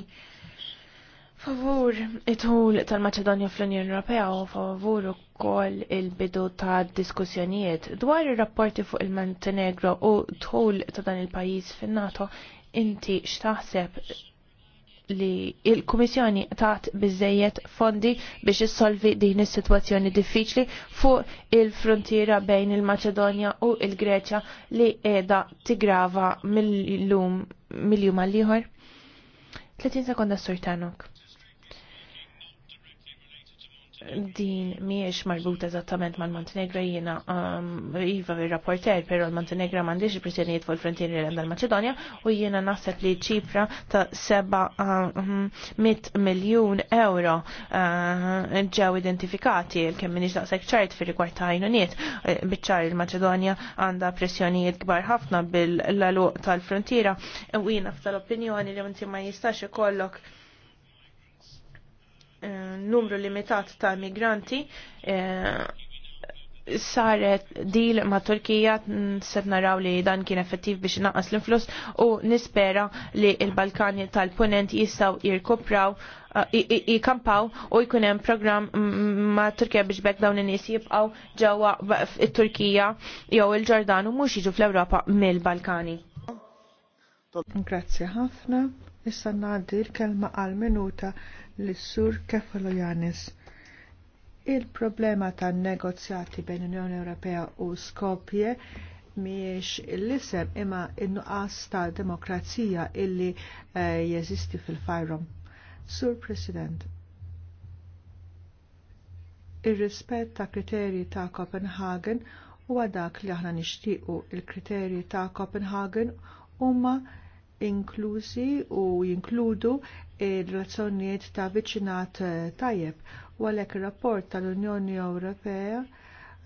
favur it-tul tal-Maċedonja fl-Unjoni Ewropea u favur ukoll il-bidu ta' diskussjonijiet dwar ir-rapporti fuq il-Montenegro u t-tul ta' dan il-pajjiż fin-NATO inti x'taħseb li il-Kummissjoni tat biżejjed fondi biex jissolvi din is-sitwazzjoni diffiċli fuq il-frontiera bejn il-Maċedonja u il-Greċja li qiegħda tigrava mill-lum mill-jum għall-ieħor. 30 sekonda Sur Tanok din miex marbut eżattament mal-Montenegro jiena um, iva il-rapporter, pero l-Montenegro mandiġ il-prisjonijiet fuq il-frontieri l-Macedonia u jiena naħseb li ċifra ta' 700 um, miljun euro uh, ġew uh, identifikati il-kemm minix da' ċart fi rikwart ta' għajnuniet. bieċar il-Macedonia għandha pressjonijiet kbar ħafna bil-laluq tal-frontiera u jina f'tal-opinjoni li inti ma jistax ikollok numru limitat ta' migranti eh, saret dil ma' Turkija set naraw li dan kien effettiv biex naqas l-influss u nispera li il-Balkani tal-Ponent jistaw jirkopraw eh, jikampaw u jkun hemm programm ma' Turkija biex bekk dawn in-nies jibqgħu ġewwa it-Turkija jew il-Ġordan u mhux jiġu fl-Ewropa mill-Balkani. Grazzi ħafna. Issa ngħaddi l-kelma għal minuta l-Sur Kefalojanis. Il-problema tan negozjati bejn Unjoni Ewropea u Skopje miex l-isem imma innuqas ta' demokrazija illi eh, jeżisti fil-fajrom. Sur President, ir-rispett ta' kriterji ta' Copenhagen huwa dak li aħna nixtiequ il-kriterji ta' Copenhagen huma inklużi u jinkludu il-razzjonijiet ta' viċinat eh, tajjeb, u għalhekk ir rapport tal-Unjoni Ewropea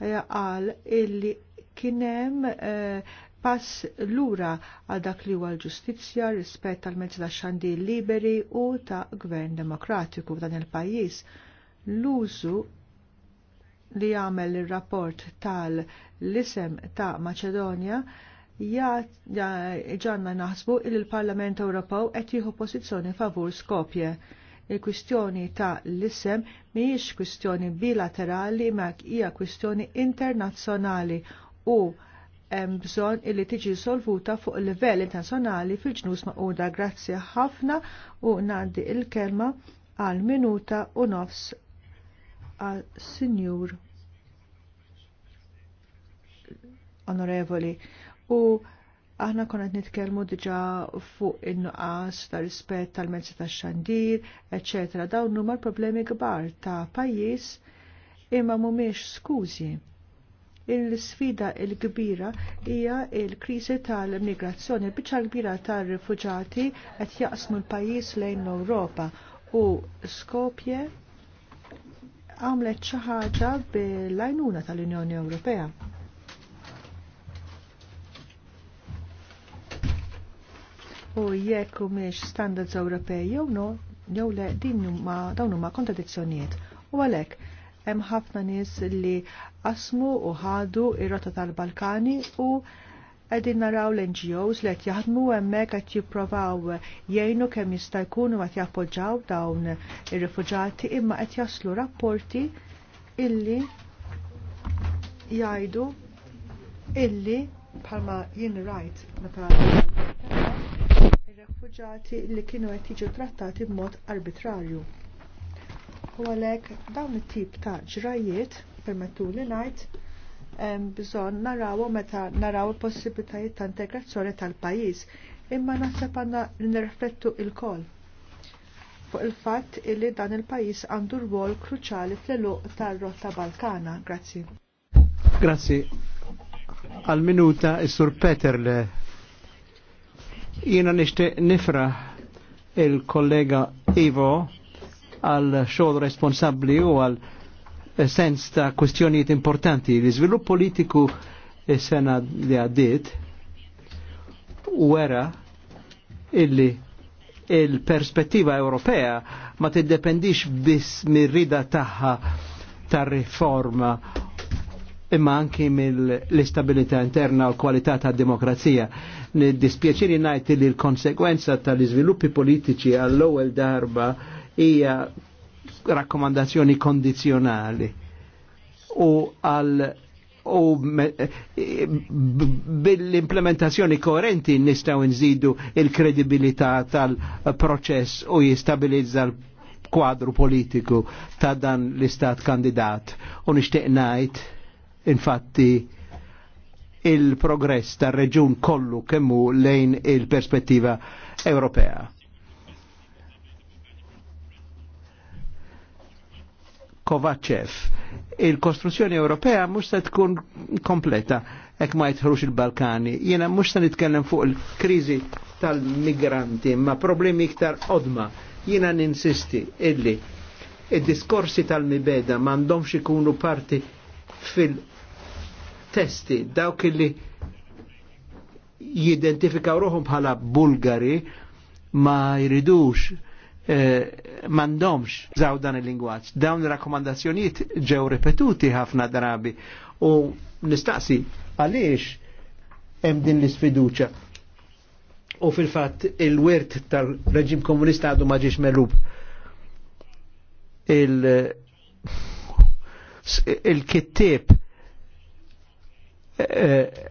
eh, qal illi kien hemm eh, pass lura għal dak li huwa l-ġustizzja rispett tal mezz ta' xandil liberi u ta' gvern demokratiku f'dan il-pajjiż. L-użu li jagħmel ir-rapport tal-isem ta' Maċedonja ġanna naħsbu il l-Parlament Ewropew qed jieħu pożizzjoni favur Skopje. Il-kwistjoni ta' l-isem mhijiex kwistjoni bilaterali ma hija kwistjoni internazzjonali u hemm bżonn illi tiġi solvuta fuq livell internazzjonali fil-ġnus maquda. Grazzi ħafna u ngħaddi il-kelma għal minuta u nofs għal Sinjur Onorevoli u aħna konet nitkelmu diġa fuq in-nuqqas ta' rispett tal-mezzi ta' xandir, etc. Dawn huma problemi kbar ta' pajjiż imma mhumiex skużi. Il-sfida il-kbira hija il-krisi tal-migrazzjoni, l kbira tar-rifuġati qed jaqsmu l-pajjiż lejn l-Ewropa u Skopje għamlet xi ħaġa bil-għajnuna tal-Unjoni Ewropea u jekk mhix standards Ewropej jew no jew le din huma dawn huma kontradizzjonijiet. U għalhekk hemm ħafna nies li qasmu u ħadu ir-rota tal-Balkani u għedin naraw l-NGOs li qed jaħdmu hemmhekk qed jippruvaw jgħinu kemm jista' jkunu qed dawn ir-rifuġati imma qed jaslu rapporti illi jgħidu illi bħalma jien rajt meta rifuġati li kienu qed jiġu trattati b'mod arbitrarju. U għalhekk dawn it-tip ta' ġrajiet permettu li ngħid bżonn naraw meta naraw il-possibilitajiet ta' integrazzjoni tal-pajjiż imma naħseb għandna nirriflettu lkoll fuq il-fatt li dan il-pajjiż għandu rwol kruċali fl-eluq tar-rotta Balkana. Grazzi. Grazzi. Għal minuta is-Sur Le jina nishti nifra il-kollega Ivo għal xogħol responsabli u għal sens ta' kwestjonijiet importanti. L-iżvilupp politiku is-sena li għaddiet wera illi il-perspettiva Ewropea ma tiddependix biss mir-rida tagħha tar-riforma imma anki mill-istabilità interna u kwalità ta' demokrazija. nid Dispjaċiri najti li l-konsekwenza tal-izviluppi politiċi għall-ewwel darba hija rakkomandazzjoni kondizjonali u għal u bil-implementazzjoni koerenti nistaw nżidu il-kredibilità tal-proċess u jistabilizza l-kwadru politiku ta' dan l-istat kandidat. U nishtiq najt infatti il-progress tar reġun kollu kemmu lejn il-perspettiva Ewropea. Kovacev. Il-kostruzzjoni Ewropea mhux se tkun kompleta hekk ma jitħrux il-Balkani. Jiena mhux se nitkellem fuq il-kriżi tal-migranti, ma problemi iktar odma. Jiena ninsisti illi id-diskorsi tal-mibeda m'għandhomx ikunu parti fil-testi dawk li jidentifikaw ruħum bħala Bulgari ma jridux eh, mandomx zaw dan il-lingwaċ. Dawn il-rakkomandazzjoniet ġew ripetuti ħafna drabi u nistaqsi għaliex hemm din l-isfiduċa. U fil-fatt il-wirt tal-reġim komunista għadu maġiex melub il- il-kittib eh,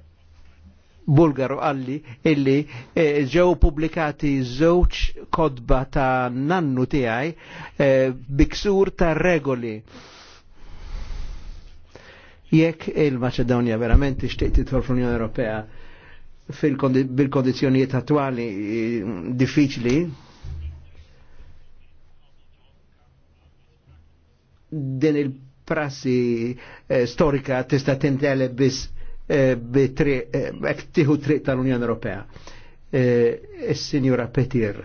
Bulgaru għalli illi eh, ġew publikati żewġ kodba ta' nannu tiegħi eh, biksur ta' regoli. Jekk il-Maċedonja verament tixtieq titħol fl-Unjoni Ewropea bil-kondizzjonijiet attwali diffiċli, din il- prassi eh, storika tista' tintele biss eh, bitriq eh, tiħu triq tal-Unjoni Ewropea. Is-Sinjura Petir.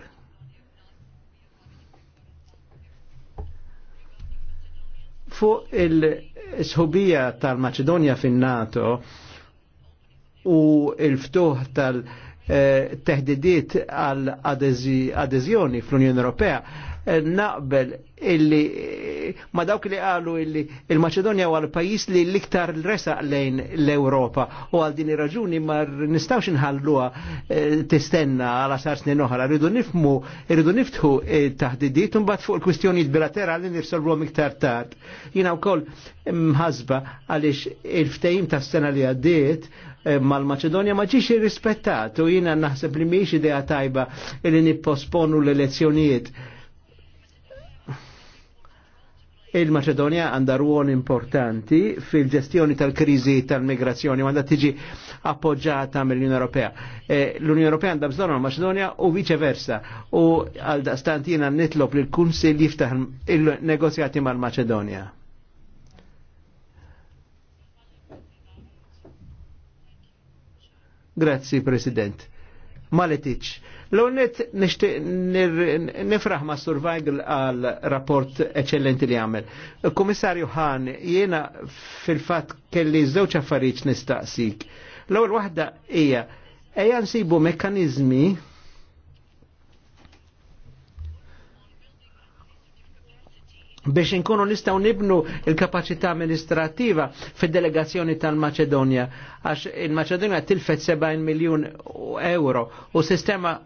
Fuq il-sħubija tal-Maċedonja fin-NATO u il-ftuħ tal-, -Maċedonja fin nato u il ftuħ tal maċedonja Eh, teħdidiet għal adeżjoni fl-Unjoni Ewropea eh, naqbel illi eh, ma dawk li qalu illi il-Maċedonja huwa l-pajjiż li l-iktar resaq lejn l-Ewropa u għal din ir-raġuni ma nistawx inħalluha tistenna għal sar snin oħra rridu nifmu rridu niftħu taħdidiet u mbagħad fuq il-kwistjonijiet bilaterali nirsolvuhom iktar tard. Jiena wkoll mħasba għaliex il-ftehim tas-sena li għaddiet Eh, mal macedonia ma ġiex irrispettat u jiena naħseb li mhijiex idea tajba li nipposponu l-elezzjonijiet. il macedonia għandha ruol importanti fil-ġestjoni tal-kriżi tal-migrazzjoni għandha tiġi appoġġata mill-Unjoni Ewropea. Eh, L-Unjoni Ewropea għandha bżonn maċedonja u versa. U għal daqstant jiena nitlob lill-Kunsill jiftaħ il-negozjati mal-Maċedonja. Grazzi, President. Maletic. L-għonet nifraħ ma' survival għal rapport eccellenti li għamel. Komissarju Hahn, jena fil-fat kelli zewċ affarijiet nistaqsik. L-għol wahda hija, Ejja nsibu mekkanizmi biex inkunu nistaw nibnu il-kapacità amministrativa fil-delegazzjoni tal-Macedonia, għax il-Macedonia tilfet 70 miljon euro u sistema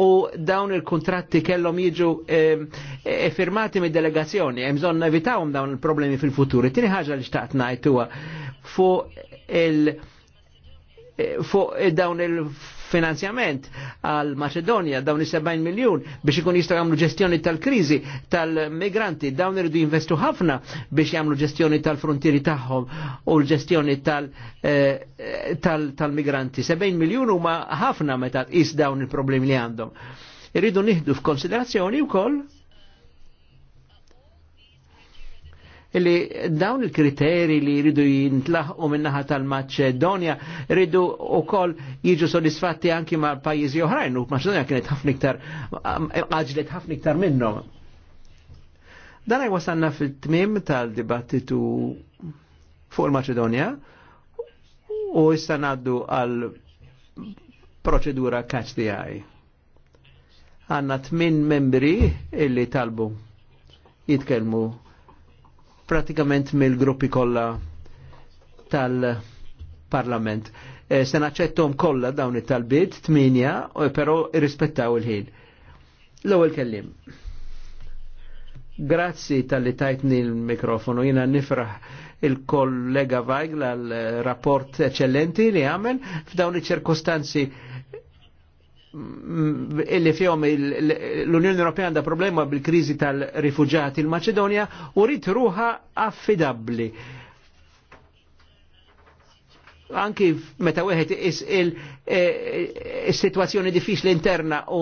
u dawn il-kontratti kellhom jiġu e firmati mid delegazzjoni hemm bżonn nevitawhom dawn il-problemi fil-futur. Tieni ħaġa li xtaqt ngħid huwa fuq il- eh, fuq dawn il finanzjament għal Macedonia dawn is 70 miljun biex ikun jistgħu jagħmlu ġestjoni tal-kriżi tal-migranti dawn iridu jinvestu ħafna biex jagħmlu ġestjoni tal-frontieri tagħhom u l-ġestjoni eh, eh, tal-migranti. 70 miljun huma ħafna meta qis dawn il-problemi li għandhom. Irridu nieħdu f'konsiderazzjoni wkoll li dawn il-kriteri li jridu jintlaħqu minnaħa tal-Maċedonja jridu u koll jiġu soddisfatti anki ma' pajizi oħrajn u Maċedonja kienet ħafna iktar għaġlet ħafna iktar Dan għaj wasanna fit-tmim tal-dibattitu fuq il-Maċedonja u issa naddu għal proċedura catch the eye. Għanna tmin membri illi talbu jitkelmu pratikament mill-gruppi kollha tal-Parlament. E, se naċċettom kollha dawn it-talbiet, tminja, eh, però irrispettaw il-ħin. L-ewwel kellim. Grazzi tal-li tajtni l-mikrofonu, jina nifraħ il-kollega Vajgla l-rapport eccellenti li għamel f'dawn iċ-ċirkostanzi illi fjom l-Unjoni Ewropea għandha problema bil-kriżi tal-rifuġati l-Macedonia u rrit ruħa affidabbli. Anki meta wieħed is e- e- sitwazzjoni diffiċli interna u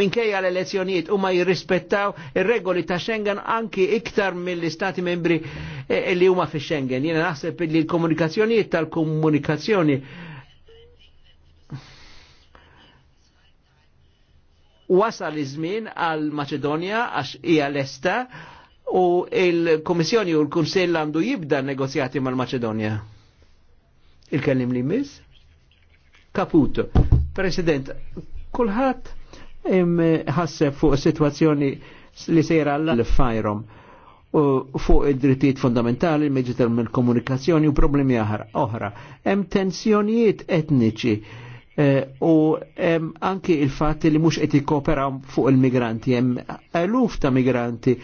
minkejja l-elezzjonijiet u ma jirrispettaw ir-regoli ta' Schengen anki iktar mill-istati membri e- li huma fi Schengen. Jiena naħseb li l-komunikazzjonijiet tal-komunikazzjoni wasal iż-żmien għal Maċedonja għax hija lesta u il-Komissjoni u l-Kunsell għandu jibda negozjati mal-Maċedonja. Il-kellim li miss? Kaputo. President, kulħadd ħasseb fuq situazzjoni li sejra l-fajrom fuq id-drittijiet fundamentali, il-meġital mill-komunikazzjoni u problemi oħra. Hemm tensjonijiet etniċi Eh, u anki il-fatti li mux qed kopera fuq il-migranti, hemm eluf ta' migranti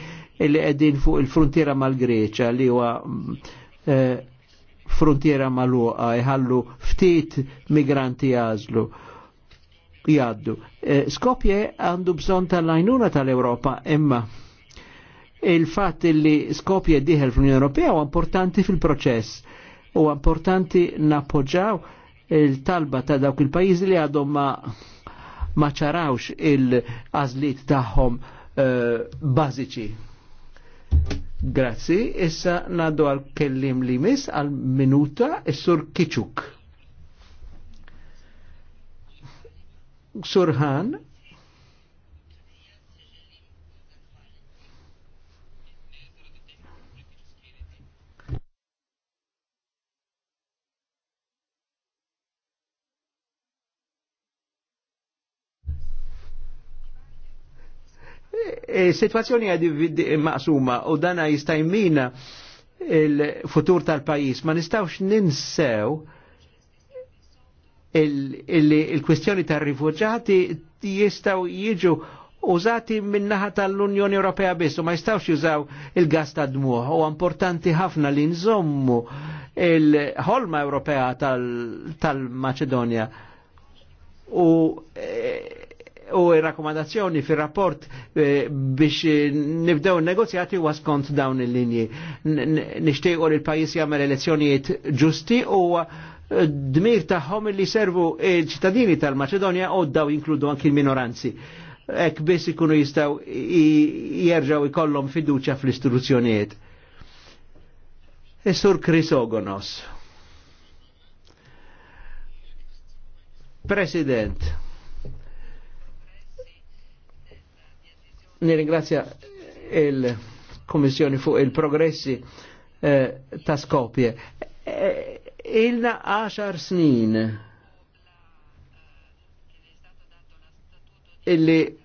li għedin fuq il-frontiera mal-Greċa li huwa eh, frontiera mal-uqa jħallu ftit migranti jazlu jaddu. Eh, Skopje għandu bżon tal-lajnuna tal-Europa imma il-fatt li Skopje diħel fl-Unjoni Ewropea huwa importanti fil-proċess u importanti nappoġġaw il-talba ta' dawk il-pajjiżi li għadhom ma ma ċarawx il-għażliet tagħhom eh, bażiċi. Grazzi, issa nadu għal kellim li mis għal minuta is-sur Kiċuk. Surhan Eh, eh, situazzjoni għadi maqsuma u dana jistajmina il-futur tal-pajis. Ma nistawx ninsew il kwistjoni tal-rifugġati jistaw jiġu użati minnaħa tal-Unjoni Ewropea biss u ma jistawx jużaw il-gas ta' dmuħ u importanti ħafna li nżommu il-ħolma Ewropea tal-Macedonia tal u eh, u rakkomandazzjoni fir rapport eh, biex eh, nibdew negozjati u għaskont dawn il-linji. Nishtiqu li l-pajis jagħmel elezzjonijiet ġusti u eh, dmir taħħom li servu ċittadini tal macedonia u daw inkludu anki l-minoranzi. Ek biss ikunu jistaw jerġaw ikollom fiduċa fl-istituzzjonijiet. Is-sur Krisogonos. President. Nirringrazzja il-Kommissjoni fuq il-progressi eh, ta' Skopje. Eh, ilna 10 snin illi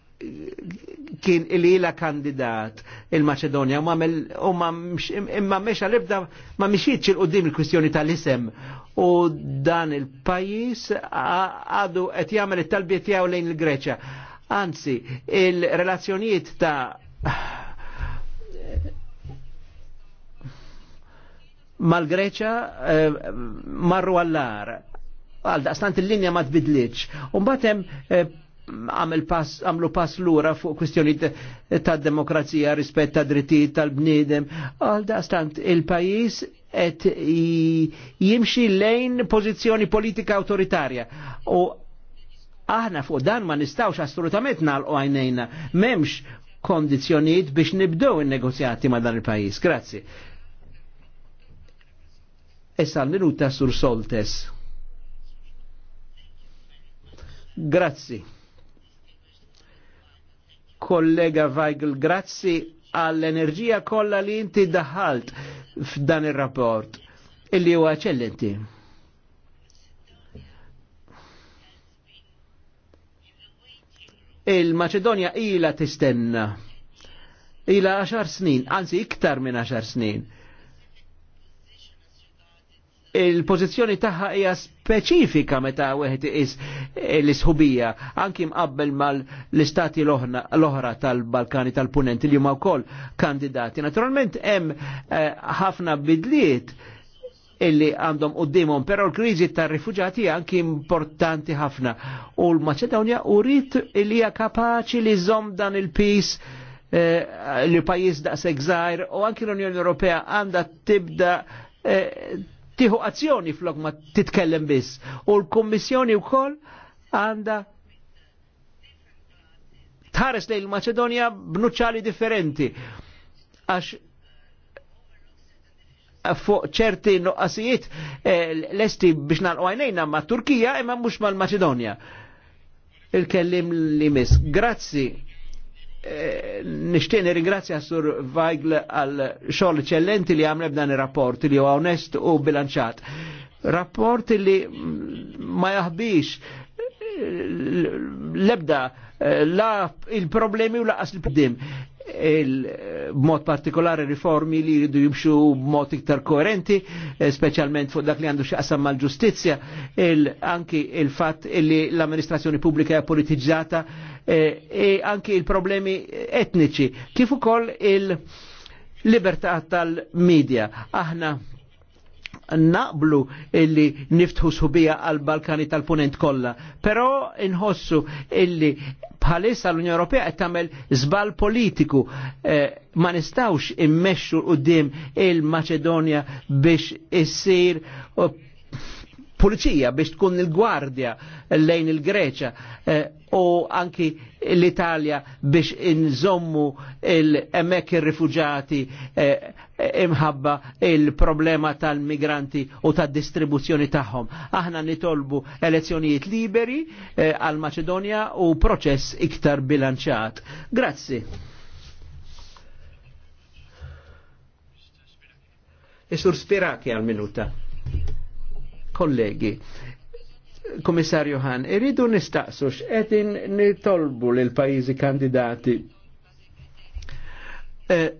kien illi ila kandidat il-Macedonia u ma meċa l-ibda ma mxieċ il-qoddim il-kwistjoni tal-isem u dan il-pajis għadu et jamel il-talbiet jgħu lejn il-Greċa Anzi, il-relazzjonijiet ta' mal-Greċa eh, marru għallar. Għalda, daqstant il-linja ma tbidliċ. Umbatem eh, għamlu pass, pass lura fuq kwestjoni ta' demokrazija rispett ta' drittijiet tal-bnidem. għalda stant il-pajis et jimxi lejn pozizjoni politika autoritarja. U aħna fuq dan ma nistawx assolutament nagħlqu għajnejna m'hemmx kondizjonijiet biex nibdew in-negozjati ma dan il-pajjiż. Grazzi. Issa l-minuta sur Soltes. Grazzi. Kollega Weigl, grazzi għall-enerġija kollha li inti daħalt f'dan ir-rapport illi huwa eċellenti. il-Maċedonja ila tistenna. Ila 10 snin, anzi iktar minn 10 snin. Il-pożizzjoni tagħha hija speċifika meta wieħed is eh, l-isħubija anki mqabbel mal-istati l-oħra tal-Balkani tal-Punent li huma wkoll kandidati. Naturalment hemm eh, ħafna bidliet illi għandhom dimon, però l-kriżi tar-rifuġati anki importanti ħafna. U l-Maċedonja rrit illi hija kapaċi li zom dan il pis eh, li pajjiż da' segżajr u anki l-Unjoni Ewropea għandha tibda tiħu eh, tieħu azzjoni flok ma titkellem biss. U l-Kummissjoni wkoll għandha tħares lejn il macedonia bnuċali differenti. Għax fuq ċerti noqqasijiet eh, lesti biex nal għajnejna ma' Turkija imma mhux mal macedonia Il-kellim li mis. Grazzi. Eh, Nishtieni ringrazzja Sur Weigl għal xogħol eċellenti li għamle b'dan ir-rapport li huwa onest u bilanċat. Rapport li ma jaħbix l-ebda eh, la il-problemi u laqas il qdim b-mod partikolari riformi li jridu jimxu b'mod iktar koerenti, eh, specialment fuq dak li għandu xaqsam mal ġustizzja anki il-fat li l-amministrazzjoni pubblika hija politizzata, eh, e anki il-problemi etniċi, kif ukoll il-libertà tal-medja. Aħna naqblu illi niftħu subija għal-Balkani tal-Punent kollha, però inħossu illi bħalissa l-Unjoni Ewropea qed tagħmel żball politiku eh, ma nistgħux immexxu qudiem il-Maċedonja biex issir eh, pulizija biex tkun il-gwardja lejn il-Greċa eh, u anki l-Italja biex inżommu il-emek il-rifugġati eh, imħabba il-problema tal-migranti u tal distribuzzjoni tagħhom. Aħna nitolbu elezzjonijiet liberi eh, għal eh, Maċedonja u proċess iktar bilanċat. Grazzi. Isur Spiraki għal-minuta. Kollegi, Komissarju Han, irridu nistaqsu x'qegħdin nitolbu lil pajjiżi kandidati. Eh,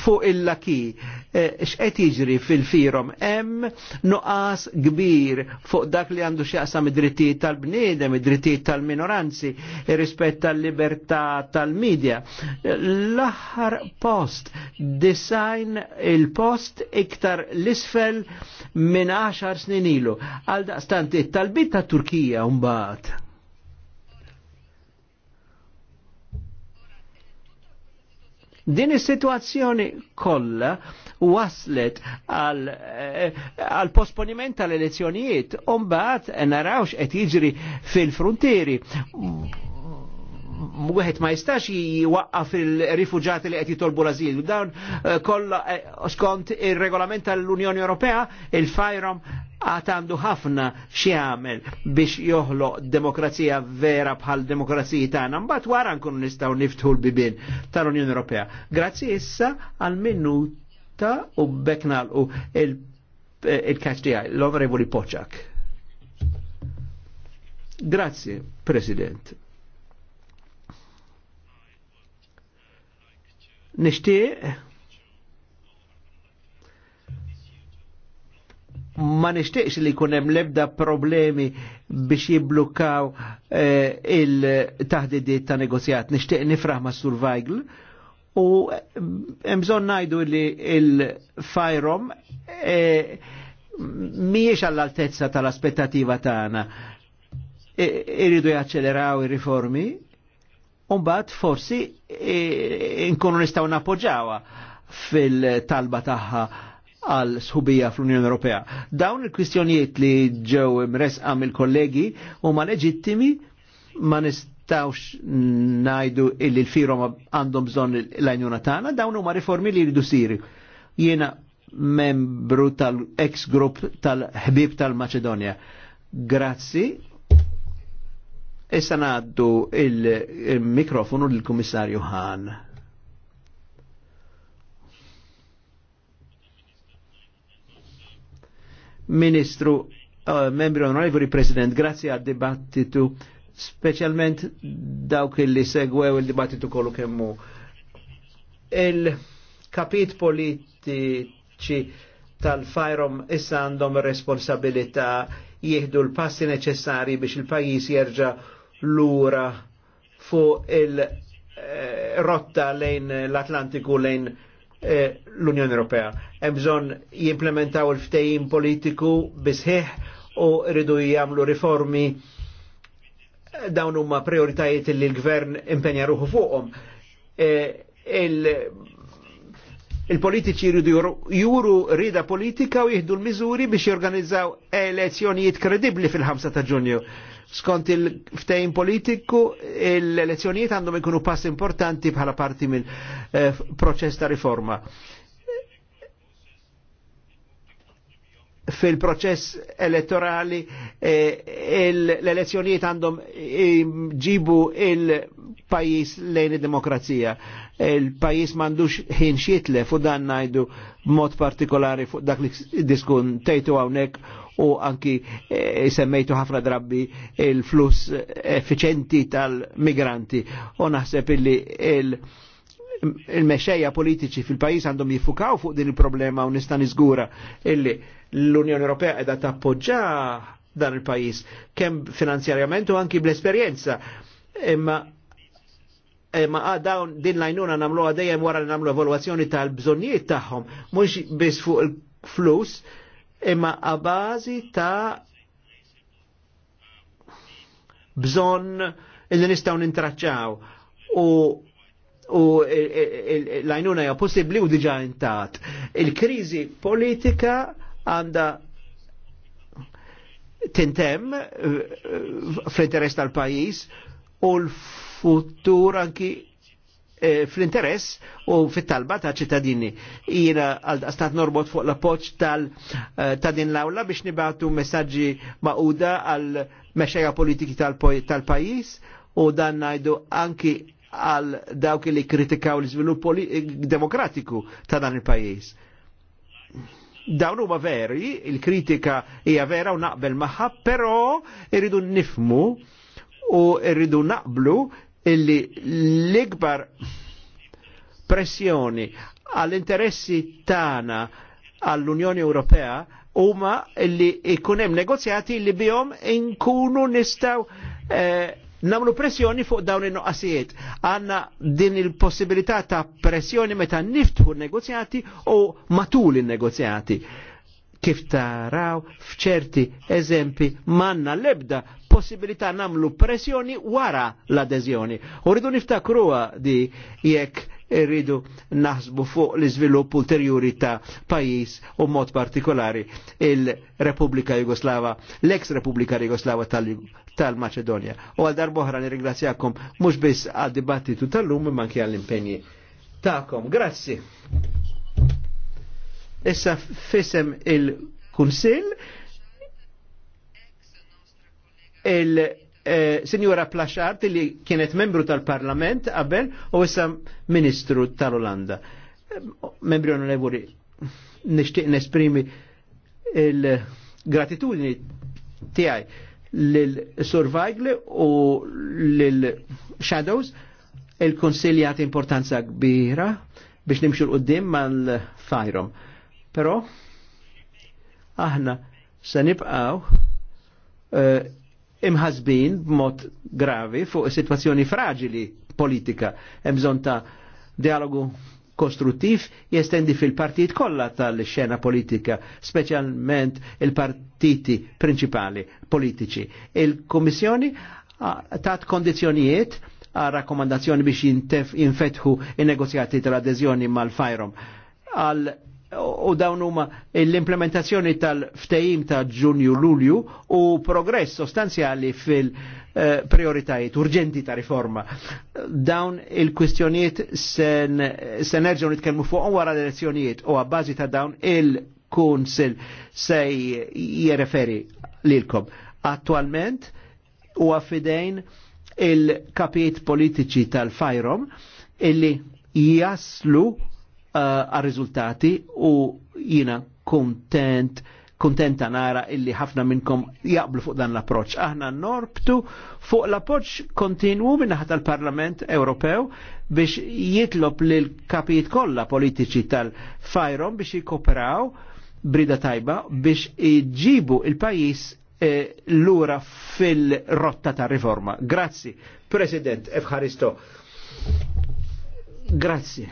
fuq il-laki eh, x'qed jiġri fil-firhom hemm nuqas kbir fuq dak li għandu x'jaqsam id-drittijiet tal-bniedem, id-drittijiet tal-minoranzi, rispett tal-libertà tal-medja. L-aħħar post design il-post iktar l-isfel minn 10 snin ilu. Għal daqstant it-talbit ta' Turkija mbagħad Din is-sitwazzjoni kollha waslet għal eh, posponiment tal-elezzjonijiet u mbagħad narawx qed jiġri fil-frontieri wieħed ma jistax jwaqqaf il rifugġati li qed jitolbu l-azil. Dawn eh, kollha eh, skont ir-regolament tal-Unjoni Ewropea il-fajrom għat għandu ħafna xiamel biex joħloq demokrazija vera bħal demokrazija tagħna, mbagħad wara nkunu nistgħu niftħu l-bibin tal-Unjoni Ewropea. Grazzi issa għal minuta u beknal u il-kaċ l-Onorevoli Poċak. Grazzi, President. Nixtieq ma nishtiqx li kunem lebda problemi biex jiblukkaw eh, il-taħdidiet ta' negozjat. Nishtiq nifraħ ma' survival u eh, mżon najdu li il-fajrom eh, miex għall-altezza tal-aspettativa tagħna. Irridu e, jaċċeleraw ir-riformi, Umbat forsi e, eh, nkunu nistaw napoġawa fil-talba taħħa għal sħubija fl-Unjoni Ewropea. Dawn il-kwistjonijiet li ġew għam il kollegi huma leġittimi ma nistawx najdu illi l-firom għandhom bżonn l-għajnuna tana, dawn huma riformi li jridu siri. Jiena membru tal-ex grupp tal-ħbib tal macedonia Grazzi. Issa naddu il-mikrofonu lill-Kummissarju Hahn. Ministru, uh, membri onorevoli President, grazzi għad dibattitu, specialment dawk li segwew il-dibattitu kollu kemmu. Il-kapit politiċi tal-fajrom issa għandhom responsabilità jihdu l-passi neċessari biex il-pajis jerġa l-ura fu il-rotta eh, lejn l-Atlantiku lejn l-Unjoni Ewropea. Hemm bżonn jimplementaw il-ftehim politiku bisħiħ u rridu jagħmlu riformi dawn huma prioritajiet li l-gvern impenja ruħu fuqhom. E, il-politiċi jridu juru rida politika u jihdu l-miżuri biex jorganizzaw elezzjonijiet kredibbli fil-5 ta' Ġunju Skont il-ftejn politiku, l-elezzjonijiet għandhom ikunu pass importanti bħala parti minn eh, proċess ta' riforma. fil-proċess elettorali eh, l-elezzjonijiet għandhom ġibu il-pajis lejn id-demokrazija. Il-pajis mandux ħin xitlef u dan najdu mod partikolari fu dak li diskun tejtu għawnek u anki eh, semmejtu ħafna drabbi il-flus effiċenti tal-migranti u naħseb illi il- il-mexxejja politiċi fil-pajjiż għandhom jiffukaw fuq din il-problema u nista' niżgura illi l-Unjoni Ewropea qiegħda tappoġġa dan il-pajjiż kemm finanzjarjament u anki bl-esperjenza. Imma ma ah, dawn din lajnuna namlu dejjem wara li namlu evaluazzjoni tal bżonnijiet tagħhom, mhux biss fuq il-flus, imma għabazi bażi ta' bżonn illi nistaw nintraċċaw u u l-għajnuna ja possibli u diġa intat. Il-krizi politika għanda tintem eh, eh, fl-interess tal-pajis u l-futur anki Eh, fl-interess u fit-talba ta' ċittadini. Jina għal-stat norbot fuq l-appoċ eh, ta' din l-awla biex nibatu messagġi maquda għal mexxejja politiki tal-pajis u dan najdu anki għal dawk li kritikaw l izvilup demokratiku ta' dan il-pajis. Dawn huma veri, il-kritika hija vera u naqbel magħha, però irridu nifmu u rridu naqblu illi l-ikbar pressjoni għall-interessi tagħna għall-Unjoni Ewropea huma illi ikun hemm negozjati li bihom inkunu nistgħu eh, namlu pressjoni fuq dawn in-noqqasijiet. Għanna din il-possibilità ta' pressjoni meta niftħu negozjati u matul il-negozjati. Kif taraw fċerti eżempi manna l-ebda possibilità namlu pressjoni wara l adezjoni U rridu niftakruha di jekk rridu naħsbu fuq l-iżvilupp ulterjuri ta' pajis u mod partikolari il-Repubblika Jugoslava, l-ex Repubblika Jugoslava tal-Macedonia. U għal darboħra nirringrazzjakom mhux biss għad dibattitu tal-lum imma anke għall impenji ta'kom. Grazzi. Issa fissem il-Kunsill il-Sinjora eh, Plaxart li kienet membru tal-Parlament qabel u issa Ministru tal-Olanda. Membri onorevoli, nishtiq nesprimi il-gratitudini tiegħi lil-Survagli u lil-Shadows il-konsiljat importanza kbira biex nimxu l-qoddim mal-fajrom. Pero, aħna se nibqaw uh, eh, imħazbin b'mod gravi fuq situazzjoni fragili politika. Hemm bżonn ta' dialogu kostruttiv jestendi fil-partit kollha tal-xena politika, speċjalment il-partiti principali politiċi. Il-Kummissjoni tat kondizjonijiet għal rakkomandazzjoni biex jinfetħu in-negozjati tal-adeżjoni mal-Fajrom għal u dawn huma l-implementazzjoni tal-ftehim ta' Ġunju Lulju u progress sostanzjali fil-prioritajiet eh, urġenti ta' riforma. Dawn il-kwistjonijiet se nerġgħu nitkellmu fuq wara l-elezzjonijiet u għabbażi ta' dawn il-Kunsil se jereferi lilkom. Attualment u fidejn il-kapijiet politiċi tal-fajrom illi jaslu Eh, għal-rizultati u jina kontent kontenta nara illi ħafna minnkom jaqblu fuq dan l-approċ. Aħna norbtu fuq l-approċ kontinwu minnaħat tal-Parlament Ewropew biex jitlob l kapijiet kollha politiċi tal-fajrom biex jikoperaw brida tajba biex iġibu il-pajis eh, l-ura fil-rotta ta' riforma. Grazzi, President Evharisto. Grazzi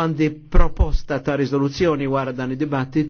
għandi proposta ta' rizoluzzjoni wara dan id-dibattit